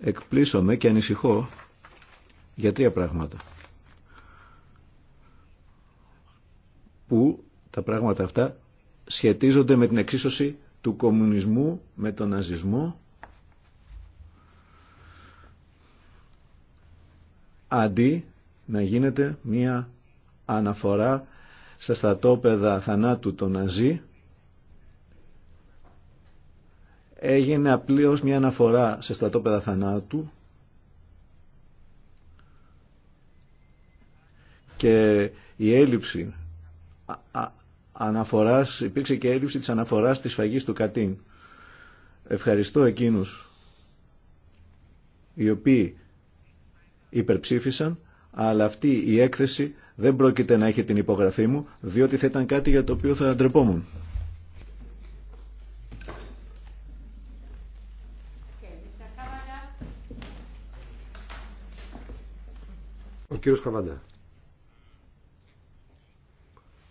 Εκπλήσωμαι και ανησυχώ για τρία πράγματα. Που τα πράγματα αυτά σχετίζονται με την εξίσωση του κομμουνισμού με τον ναζισμό αντί να γίνεται μία αναφορά σε στρατόπεδα θανάτου των ναζί έγινε απλώς μία αναφορά σε στρατόπεδα θανάτου και η έλλειψη αναφοράς, υπήρξε και έλλειψη της αναφοράς της φαγής του Κατίν. Ευχαριστώ εκείνους οι οποίοι υπερψήφισαν, αλλά αυτή η έκθεση δεν πρόκειται να έχει την υπογραφή μου, διότι θα ήταν κάτι για το οποίο θα αντρεπόμουν. Ο κύριος Καβαντά.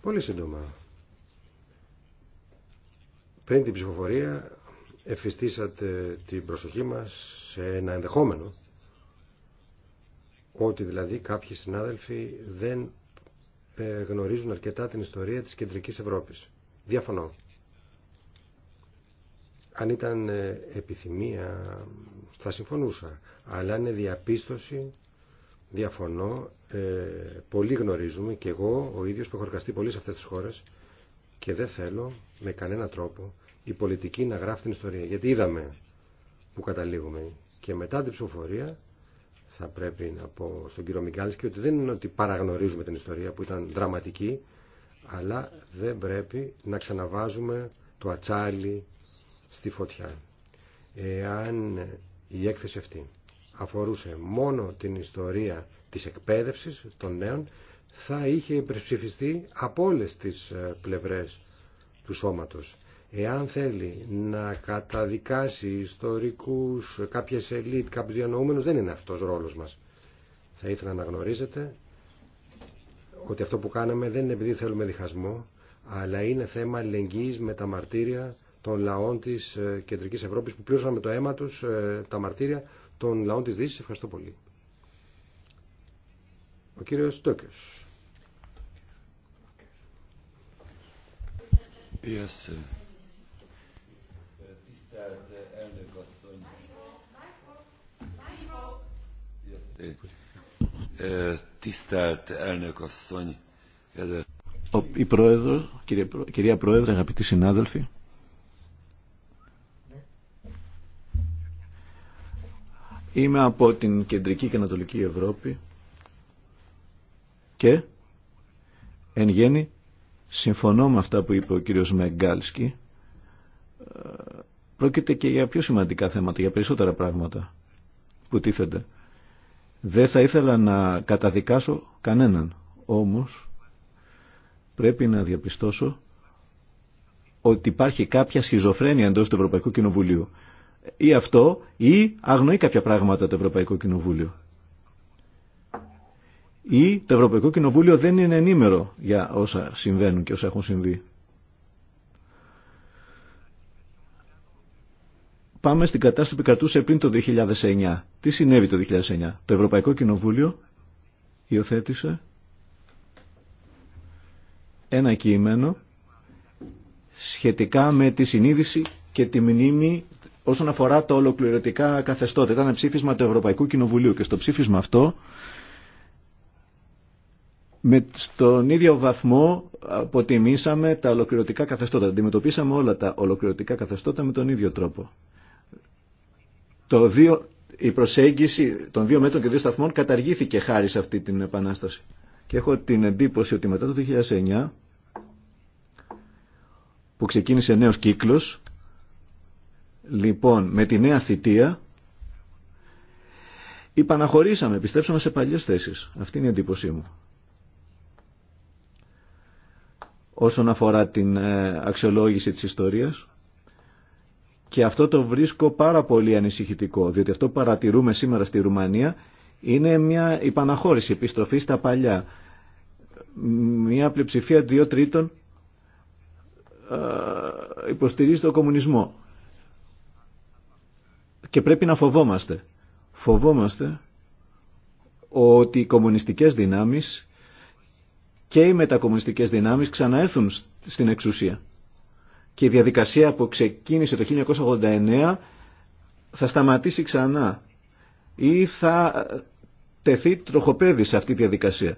Πολύ σύντομα. Πριν την ψηφοφορία εφιστήσατε την προσοχή μας σε ένα ενδεχόμενο ότι δηλαδή κάποιοι συνάδελφοι δεν ε, γνωρίζουν αρκετά την ιστορία της κεντρικής Ευρώπης. Διαφωνώ. Αν ήταν ε, επιθυμία θα συμφωνούσα, αλλά είναι διαπίστωση, διαφωνώ, ε, πολύ γνωρίζουμε και εγώ ο ίδιος που έχω εργαστεί πολύ σε αυτές τις χώρες και δεν θέλω με κανένα τρόπο η πολιτική να γράφει την ιστορία. Γιατί είδαμε που καταλήγουμε και μετά την ψηφοφορία θα πρέπει να πω στον κύριο Μιγκάλσκι ότι δεν είναι ότι παραγνωρίζουμε την ιστορία που ήταν δραματική αλλά δεν πρέπει να ξαναβάζουμε το ατσάλι στη φωτιά. Εάν η έκθεση αυτή αφορούσε μόνο την ιστορία της εκπαίδευσης των νέων θα είχε υπερψηφιστεί από όλε τις ε, πλευρές του σώματος. Εάν θέλει να καταδικάσει ιστορικούς, κάποιες ελίτ, κάποιου διανοούμενου, δεν είναι αυτός ο ρόλος μας. Θα ήθελα να γνωρίζετε ότι αυτό που κάναμε δεν είναι επειδή θέλουμε διχασμό, αλλά είναι θέμα αλληλεγγύη με τα μαρτύρια των λαών της ε, Κεντρικής Ευρώπης που πλήρωσαν με το αίμα του ε, τα μαρτύρια των λαών τη Δύση. Ευχαριστώ πολύ. Ο κύριος Τόκιος. Yes. Η Πρόεδρο, κυρία Πρόεδρε, αγαπητοί συνάδελφοι, είμαι από την Κεντρική και Ανατολική Ευρώπη και εν γέννη συμφωνώ με αυτά που είπε ο κύριος Μεγκάλσκι ε, πρόκειται και για πιο σημαντικά θέματα, για περισσότερα πράγματα που τίθενται. Δεν θα ήθελα να καταδικάσω κανέναν, όμως πρέπει να διαπιστώσω ότι υπάρχει κάποια σχιζοφρένεια εντός του Ευρωπαϊκού Κοινοβουλίου. Ή αυτό, ή αγνοεί κάποια πράγματα το Ευρωπαϊκό Κοινοβούλιο ή το Ευρωπαϊκό Κοινοβούλιο δεν είναι ενήμερο για όσα συμβαίνουν και όσα έχουν συμβεί. Πάμε στην κατάσταση που κρατούσε πριν το 2009. Τι συνέβη το 2009. Το Ευρωπαϊκό Κοινοβούλιο υιοθέτησε ένα κείμενο σχετικά με τη συνείδηση και τη μνήμη όσον αφορά τα ολοκληρωτικά καθεστώτα. Ήταν ψήφισμα του Ευρωπαϊκού Κοινοβουλίου και στο ψήφισμα αυτό με στον ίδιο βαθμό αποτιμήσαμε τα ολοκληρωτικά καθεστώτα. Αντιμετωπίσαμε όλα τα ολοκληρωτικά καθεστώτα με τον ίδιο τρόπο. Το δύο, η προσέγγιση των δύο μέτρων και δύο σταθμών καταργήθηκε χάρη σε αυτή την επανάσταση. Και έχω την εντύπωση ότι μετά το 2009 που ξεκίνησε νέος κύκλος, λοιπόν με τη νέα θητεία, υπαναχωρήσαμε, επιστρέψαμε σε παλιές θέσεις. Αυτή είναι η εντύπωσή μου. όσον αφορά την ε, αξιολόγηση της ιστορίας και αυτό το βρίσκω πάρα πολύ ανησυχητικό διότι αυτό που παρατηρούμε σήμερα στη Ρουμανία είναι μια υπαναχώρηση, επιστροφή στα παλιά. Μια πλειοψηφία δύο τρίτων ε, υποστηρίζει τον κομμουνισμό. Και πρέπει να φοβόμαστε. Φοβόμαστε ότι οι κομμουνιστικές δυνάμεις και οι μετακομμουνιστικές δυνάμεις ξαναέρθουν στην εξουσία. Και η διαδικασία που ξεκίνησε το 1989 θα σταματήσει ξανά ή θα ε, τεθεί τροχοπέδι σε αυτή τη διαδικασία.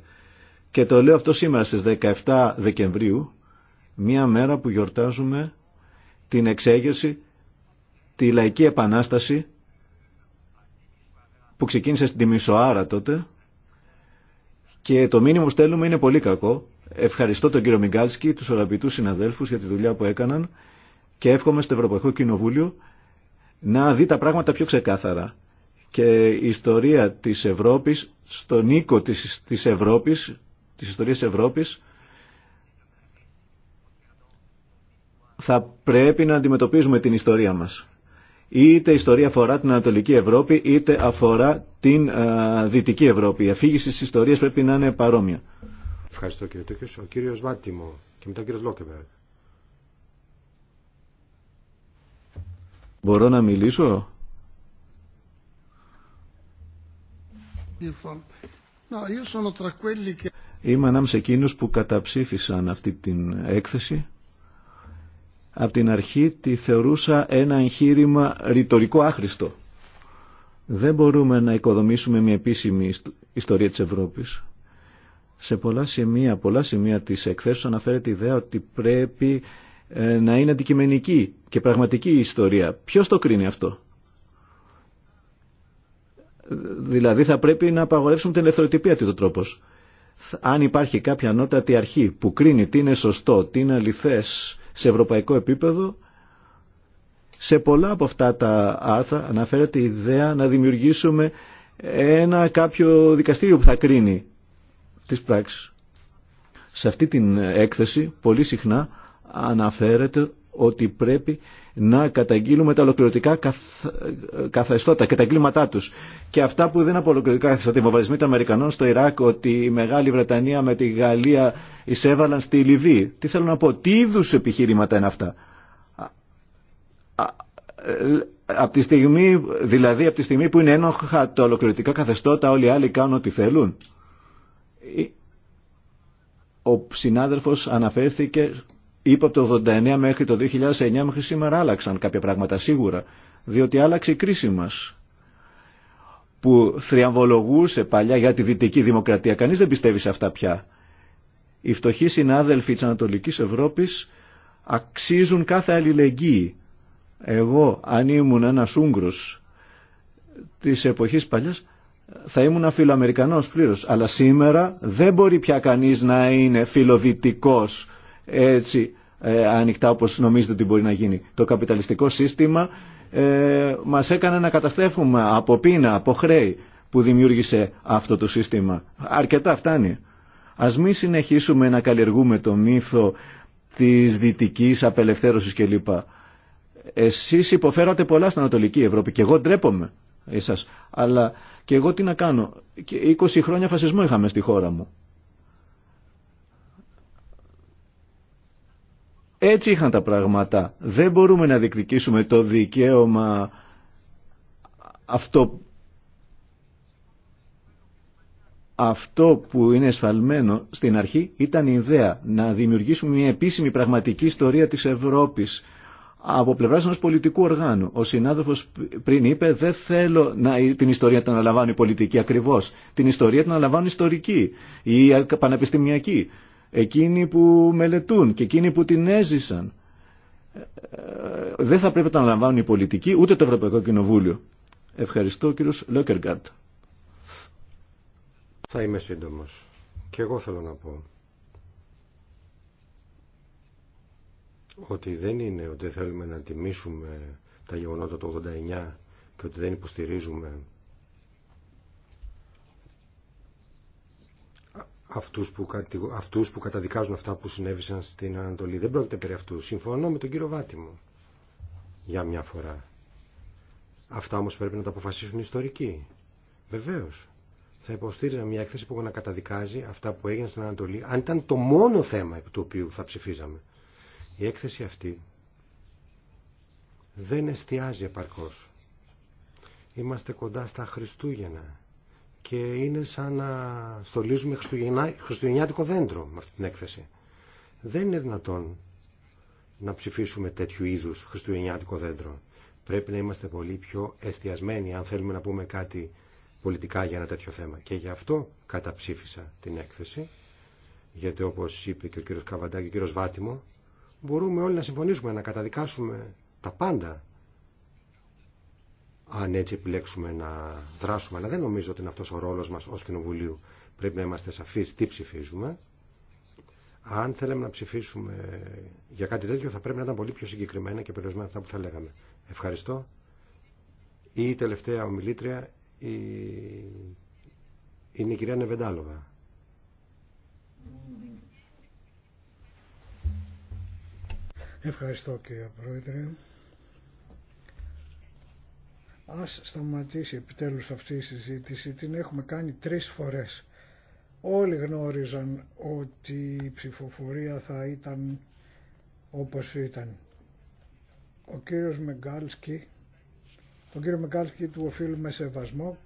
Και το λέω αυτό σήμερα στις 17 Δεκεμβρίου, μία μέρα που γιορτάζουμε την εξέγερση, τη λαϊκή επανάσταση που ξεκίνησε στην Τιμισοάρα τότε και το μήνυμα που στέλνουμε είναι πολύ κακό. Ευχαριστώ τον κύριο Μιγκάλσκι, τους αγαπητού συναδέλφους για τη δουλειά που έκαναν και εύχομαι στο Ευρωπαϊκό Κοινοβούλιο να δει τα πράγματα πιο ξεκάθαρα. Και η ιστορία της Ευρώπης, στον οίκο τη Ευρώπη, Ευρώπης, της ιστορίας της Ευρώπης, θα πρέπει να αντιμετωπίζουμε την ιστορία μας. Είτε η ιστορία αφορά την Ανατολική Ευρώπη, είτε αφορά την Δυτική Ευρώπη. Η αφήγηση τη ιστορία πρέπει να είναι παρόμοια. Ευχαριστώ κύριε Τόκιο. Ο κύριο Βάτιμο και μετά ο κύριο Μπορώ να μιλήσω. Είμαι ανάμεσα εκείνους που καταψήφισαν αυτή την έκθεση από την αρχή τη θεωρούσα ένα εγχείρημα ρητορικό άχρηστο. Δεν μπορούμε να οικοδομήσουμε μια επίσημη ιστορία της Ευρώπης. Σε πολλά σημεία, πολλά σημεία της εκθέσεως αναφέρεται η ιδέα ότι πρέπει ε, να είναι αντικειμενική και πραγματική η ιστορία. Ποιος το κρίνει αυτό. Δηλαδή θα πρέπει να απαγορεύσουμε την ελευθεροτυπία του τρόπος αν υπάρχει κάποια ανώτατη αρχή που κρίνει τι είναι σωστό, τι είναι αληθές σε ευρωπαϊκό επίπεδο, σε πολλά από αυτά τα άρθρα αναφέρεται η ιδέα να δημιουργήσουμε ένα κάποιο δικαστήριο που θα κρίνει τις πράξεις. Σε αυτή την έκθεση πολύ συχνά αναφέρεται ότι πρέπει να καταγγείλουμε τα ολοκληρωτικά καθ... καθεστώτα και τα εγκλήματά τους. Και αυτά που δεν από ολοκληρωτικά καθεστώτα, οι βομβαρισμοί των Αμερικανών στο Ιράκ, ότι η Μεγάλη Βρετανία με τη Γαλλία εισέβαλαν στη Λιβύη. Τι θέλω να πω, τι είδους επιχείρηματα είναι αυτά. Ε, από τη στιγμή, δηλαδή από τη στιγμή που είναι ένοχα τα ολοκληρωτικά καθεστώτα, όλοι οι άλλοι κάνουν ό,τι θέλουν. Ο συνάδελφος αναφέρθηκε Είπα από το 89 μέχρι το 2009 μέχρι σήμερα άλλαξαν κάποια πράγματα σίγουρα, διότι άλλαξε η κρίση μας που θριαμβολογούσε παλιά για τη δυτική δημοκρατία. Κανείς δεν πιστεύει σε αυτά πια. Οι φτωχοί συνάδελφοι της Ανατολικής Ευρώπης αξίζουν κάθε αλληλεγγύη. Εγώ, αν ήμουν ένας Ούγγρος της εποχής παλιάς, θα ήμουν φιλοαμερικανός πλήρως. Αλλά σήμερα δεν μπορεί πια κανείς να είναι φιλοδυτικός έτσι ε, ανοιχτά όπως νομίζετε ότι μπορεί να γίνει. Το καπιταλιστικό σύστημα ε, μας έκανε να καταστρέφουμε από πείνα, από χρέη που δημιούργησε αυτό το σύστημα. Αρκετά φτάνει. Ας μην συνεχίσουμε να καλλιεργούμε το μύθο της δυτικής απελευθέρωσης κλπ. Εσείς υποφέρατε πολλά στην Ανατολική Ευρώπη και εγώ ντρέπομαι εσάς. Αλλά και εγώ τι να κάνω. 20 χρόνια φασισμό είχαμε στη χώρα μου. Έτσι είχαν τα πράγματα. Δεν μπορούμε να διεκδικήσουμε το δικαίωμα αυτό, αυτό που είναι εσφαλμένο στην αρχή ήταν η ιδέα να δημιουργήσουμε μια επίσημη πραγματική ιστορία της Ευρώπης από πλευρά ενός πολιτικού οργάνου. Ο συνάδελφο πριν είπε, δεν θέλω να, την ιστορία την αναλαμβάνει πολιτική ακριβώ. Την ιστορία την αναλαμβάνουν ιστορική ή πανεπιστημιακή εκείνοι που μελετούν και εκείνοι που την έζησαν. Ε, δεν θα πρέπει να λαμβάνουν οι πολιτικοί ούτε το Ευρωπαϊκό Κοινοβούλιο. Ευχαριστώ κύριος Λόκεργαρτ. Θα είμαι σύντομος. Και εγώ θέλω να πω ότι δεν είναι ότι θέλουμε να τιμήσουμε τα γεγονότα του 89 και ότι δεν υποστηρίζουμε αυτούς που, αυτούς που καταδικάζουν αυτά που συνέβησαν στην Ανατολή. Δεν πρόκειται περί αυτού. Συμφωνώ με τον κύριο Βάτη μου για μια φορά. Αυτά όμως πρέπει να τα αποφασίσουν οι ιστορικοί. Βεβαίως. Θα υποστήριζα μια έκθεση που να καταδικάζει αυτά που έγιναν στην Ανατολή, αν ήταν το μόνο θέμα του οποίου θα ψηφίζαμε. Η έκθεση αυτή δεν εστιάζει επαρκώς. Είμαστε κοντά στα Χριστούγεννα και είναι σαν να στολίζουμε χριστουγεννιάτικο δέντρο με αυτή την έκθεση. Δεν είναι δυνατόν να ψηφίσουμε τέτοιου είδους χριστουγεννιάτικο δέντρο. Πρέπει να είμαστε πολύ πιο εστιασμένοι αν θέλουμε να πούμε κάτι πολιτικά για ένα τέτοιο θέμα. Και γι' αυτό καταψήφισα την έκθεση, γιατί όπως είπε και ο κύριος Καβαντά και ο κύριος Βάτιμο, μπορούμε όλοι να συμφωνήσουμε, να καταδικάσουμε τα πάντα αν έτσι επιλέξουμε να δράσουμε. Αλλά δεν νομίζω ότι είναι αυτός ο ρόλος μας ως Κοινοβουλίου. Πρέπει να είμαστε σαφείς τι ψηφίζουμε. Αν θέλαμε να ψηφίσουμε για κάτι τέτοιο θα πρέπει να ήταν πολύ πιο συγκεκριμένα και περιορισμένα αυτά που θα λέγαμε. Ευχαριστώ. Η τελευταία ομιλήτρια η... είναι η κυρία Νεβεντάλογα. Ευχαριστώ κύριε Πρόεδρε. Ας σταματήσει επιτέλους αυτή η συζήτηση, την έχουμε κάνει τρεις φορές. Όλοι γνώριζαν ότι η ψηφοφορία θα ήταν όπως ήταν. Ο κύριος Μεγκάλσκι, τον κύριο Μεγκάλσκι του οφείλουμε σεβασμό,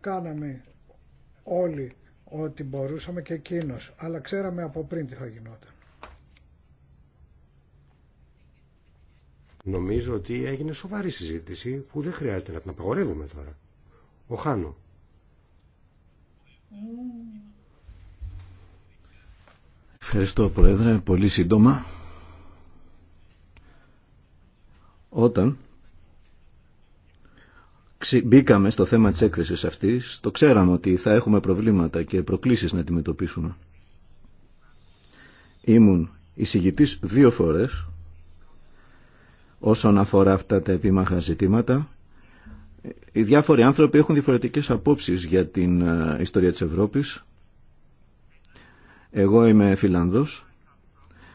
κάναμε όλοι ό,τι μπορούσαμε και εκείνος, αλλά ξέραμε από πριν τι θα γινόταν. Νομίζω ότι έγινε σοβαρή συζήτηση που δεν χρειάζεται να την απαγορεύουμε τώρα. Ο Χάνο. Ευχαριστώ Πρόεδρε, πολύ σύντομα. Όταν μπήκαμε στο θέμα της έκθεσης αυτής, το ξέραμε ότι θα έχουμε προβλήματα και προκλήσεις να αντιμετωπίσουμε. Ήμουν εισηγητής δύο φορές όσον αφορά αυτά τα επίμαχα ζητήματα. Οι διάφοροι άνθρωποι έχουν διαφορετικές απόψεις για την ε, ιστορία της Ευρώπης. Εγώ είμαι Φιλανδός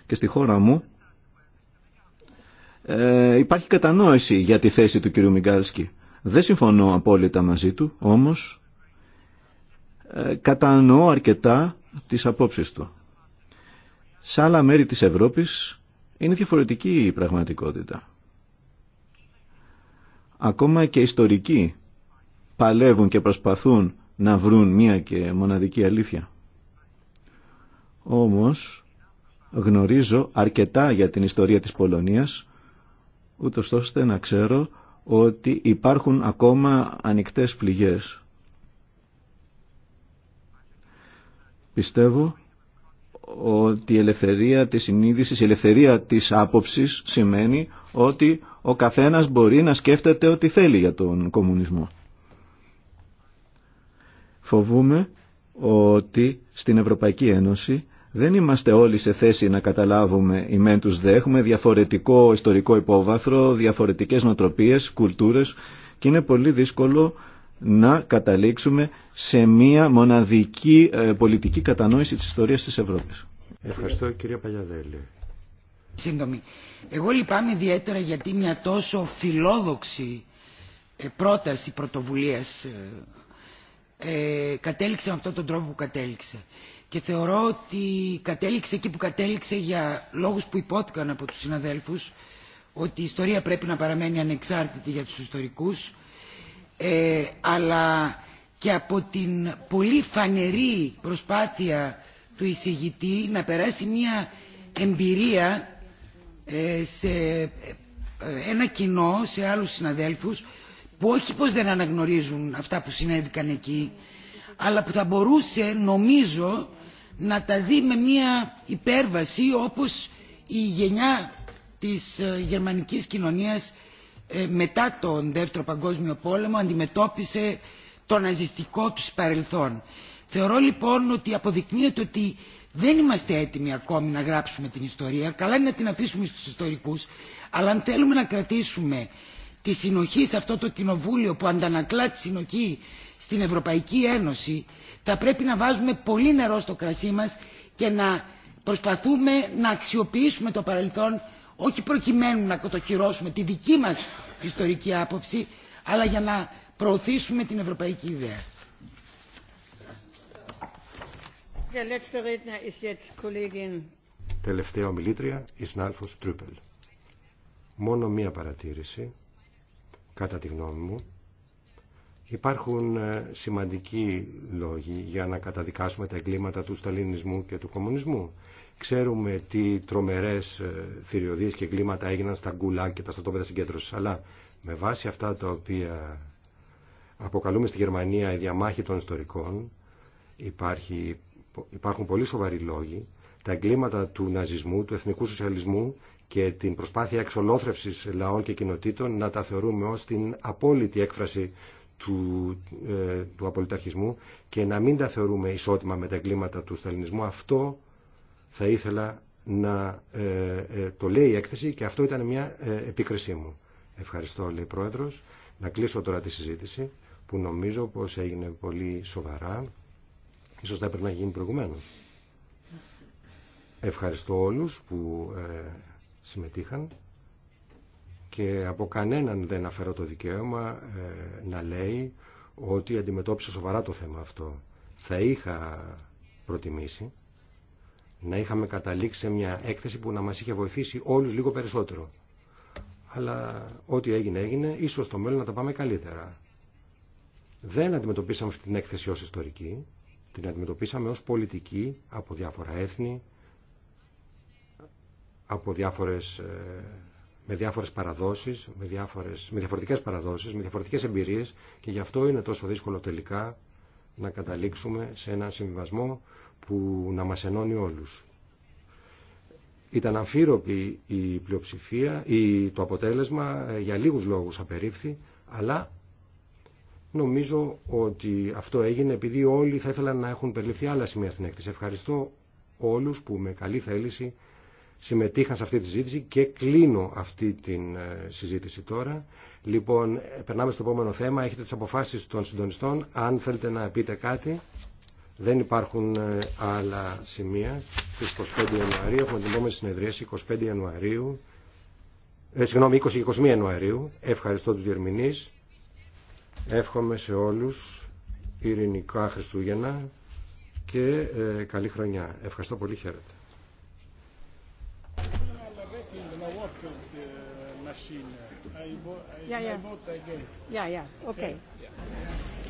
και στη χώρα μου ε, υπάρχει κατανόηση για τη θέση του κ. Μιγκάλσκι. Δεν συμφωνώ απόλυτα μαζί του, όμως ε, κατανοώ αρκετά τις απόψεις του. Σε άλλα μέρη της Ευρώπης είναι διαφορετική η πραγματικότητα. Ακόμα και ιστορικοί παλεύουν και προσπαθούν να βρουν μία και μοναδική αλήθεια. Όμως γνωρίζω αρκετά για την ιστορία της Πολωνίας, ούτως ώστε να ξέρω ότι υπάρχουν ακόμα ανοιχτές πληγές. Πιστεύω ότι η ελευθερία της συνείδησης, η ελευθερία της άποψης σημαίνει ότι ο καθένας μπορεί να σκέφτεται ό,τι θέλει για τον κομμουνισμό. Φοβούμε ότι στην Ευρωπαϊκή Ένωση δεν είμαστε όλοι σε θέση να καταλάβουμε οι μεν τους διαφορετικό ιστορικό υπόβαθρο, διαφορετικές νοτροπίες, κουλτούρες και είναι πολύ δύσκολο να καταλήξουμε σε μία μοναδική ε, πολιτική κατανόηση της ιστορίας της Ευρώπης. Ευχαριστώ κυρία Σύντομη. Εγώ λυπάμαι ιδιαίτερα γιατί μια τόσο φιλόδοξη ε, πρόταση πρωτοβουλίας ε, ε, κατέληξε με αυτόν τον τρόπο που κατέληξε. Και θεωρώ ότι κατέληξε εκεί που κατέληξε για λόγους που υπόθηκαν από τους συναδέλφους ότι η ιστορία πρέπει να παραμένει ανεξάρτητη για τους ιστορικούς ε, αλλά και από την πολύ φανερή προσπάθεια του εισηγητή να περάσει μια εμπειρία ε, σε ε, ένα κοινό, σε άλλους συναδέλφους που όχι πως δεν αναγνωρίζουν αυτά που συνέβηκαν εκεί αλλά που θα μπορούσε νομίζω να τα δει με μια υπέρβαση όπως η γενιά της ε, γερμανικής κοινωνίας μετά τον Δεύτερο Παγκόσμιο Πόλεμο αντιμετώπισε το ναζιστικό τους παρελθόν. Θεωρώ λοιπόν ότι αποδεικνύεται ότι δεν είμαστε έτοιμοι ακόμη να γράψουμε την ιστορία. Καλά είναι να την αφήσουμε στους ιστορικούς. Αλλά αν θέλουμε να κρατήσουμε τη συνοχή σε αυτό το κοινοβούλιο που αντανακλά τη συνοχή στην Ευρωπαϊκή Ένωση θα πρέπει να βάζουμε πολύ νερό στο κρασί μας και να προσπαθούμε να αξιοποιήσουμε το παρελθόν όχι προκειμένου να κατοχυρώσουμε τη δική μας ιστορική άποψη αλλά για να προωθήσουμε την ευρωπαϊκή ιδέα. Τελευταία ομιλήτρια, η συνάδελφος Τρουπελ. Μόνο μία παρατήρηση, κατά τη γνώμη μου. Υπάρχουν ε, σημαντικοί λόγοι για να καταδικάσουμε τα εγκλήματα του σταλινισμού και του κομμουνισμού. Ξέρουμε τι τρομερές ε, θηριωδίες και εγκλήματα έγιναν στα Γκουλά και τα στρατόπεδα συγκέντρωση. αλλά με βάση αυτά τα οποία αποκαλούμε στη Γερμανία η διαμάχη των ιστορικών, υπάρχει υπάρχουν πολύ σοβαροί λόγοι, τα εγκλήματα του ναζισμού, του εθνικού σοσιαλισμού και την προσπάθεια εξολόθρευσης λαών και κοινοτήτων να τα θεωρούμε ως την απόλυτη έκφραση του, ε, απολυταρχισμού και να μην τα θεωρούμε ισότιμα με τα εγκλήματα του σταλινισμού. Αυτό θα ήθελα να ε, ε, το λέει η έκθεση και αυτό ήταν μια ε, επίκρισή μου. Ευχαριστώ, λέει Πρόεδρος. Να κλείσω τώρα τη συζήτηση που νομίζω πως έγινε πολύ σοβαρά. Ίσως θα έπρεπε να γίνει προηγουμένως. Ευχαριστώ όλους που ε, συμμετείχαν και από κανέναν δεν αφαιρώ το δικαίωμα ε, να λέει ότι αντιμετώπισε σοβαρά το θέμα αυτό. Θα είχα προτιμήσει να είχαμε καταλήξει σε μια έκθεση που να μας είχε βοηθήσει όλους λίγο περισσότερο. Αλλά ό,τι έγινε έγινε, ίσως στο μέλλον να τα πάμε καλύτερα. Δεν αντιμετωπίσαμε αυτή την έκθεση ως ιστορική, την αντιμετωπίσαμε ως πολιτική από διάφορα έθνη, από διάφορες, ε, με διάφορες παραδόσεις, με, διάφορες, με διαφορετικές παραδόσεις, με διαφορετικές εμπειρίες και γι' αυτό είναι τόσο δύσκολο τελικά να καταλήξουμε σε ένα συμβιβασμό που να μας ενώνει όλους. Ήταν αμφίροπη η πλειοψηφία, η, το αποτέλεσμα ε, για λίγους λόγους απερίφθη, αλλά Νομίζω ότι αυτό έγινε επειδή όλοι θα ήθελαν να έχουν περιληφθεί άλλα σημεία στην έκθεση. Ευχαριστώ όλους που με καλή θέληση συμμετείχαν σε αυτή τη συζήτηση και κλείνω αυτή τη ε, συζήτηση τώρα. Λοιπόν, περνάμε στο επόμενο θέμα. Έχετε τις αποφάσεις των συντονιστών. Αν θέλετε να πείτε κάτι, δεν υπάρχουν ε, άλλα σημεία. Στις 25 Ιανουαρίου έχουμε την επόμενη συνεδρίαση 25 Ιανουαρίου. Ε, συγγνώμη, 20 και 21 Ιανουαρίου. Ευχαριστώ τους διερμηνείς. Εύχομαι σε όλους ειρηνικά Χριστούγεννα και ε, καλή χρονιά. Ευχαριστώ πολύ. Χαίρετε. Yeah, yeah. Yeah, yeah. Okay.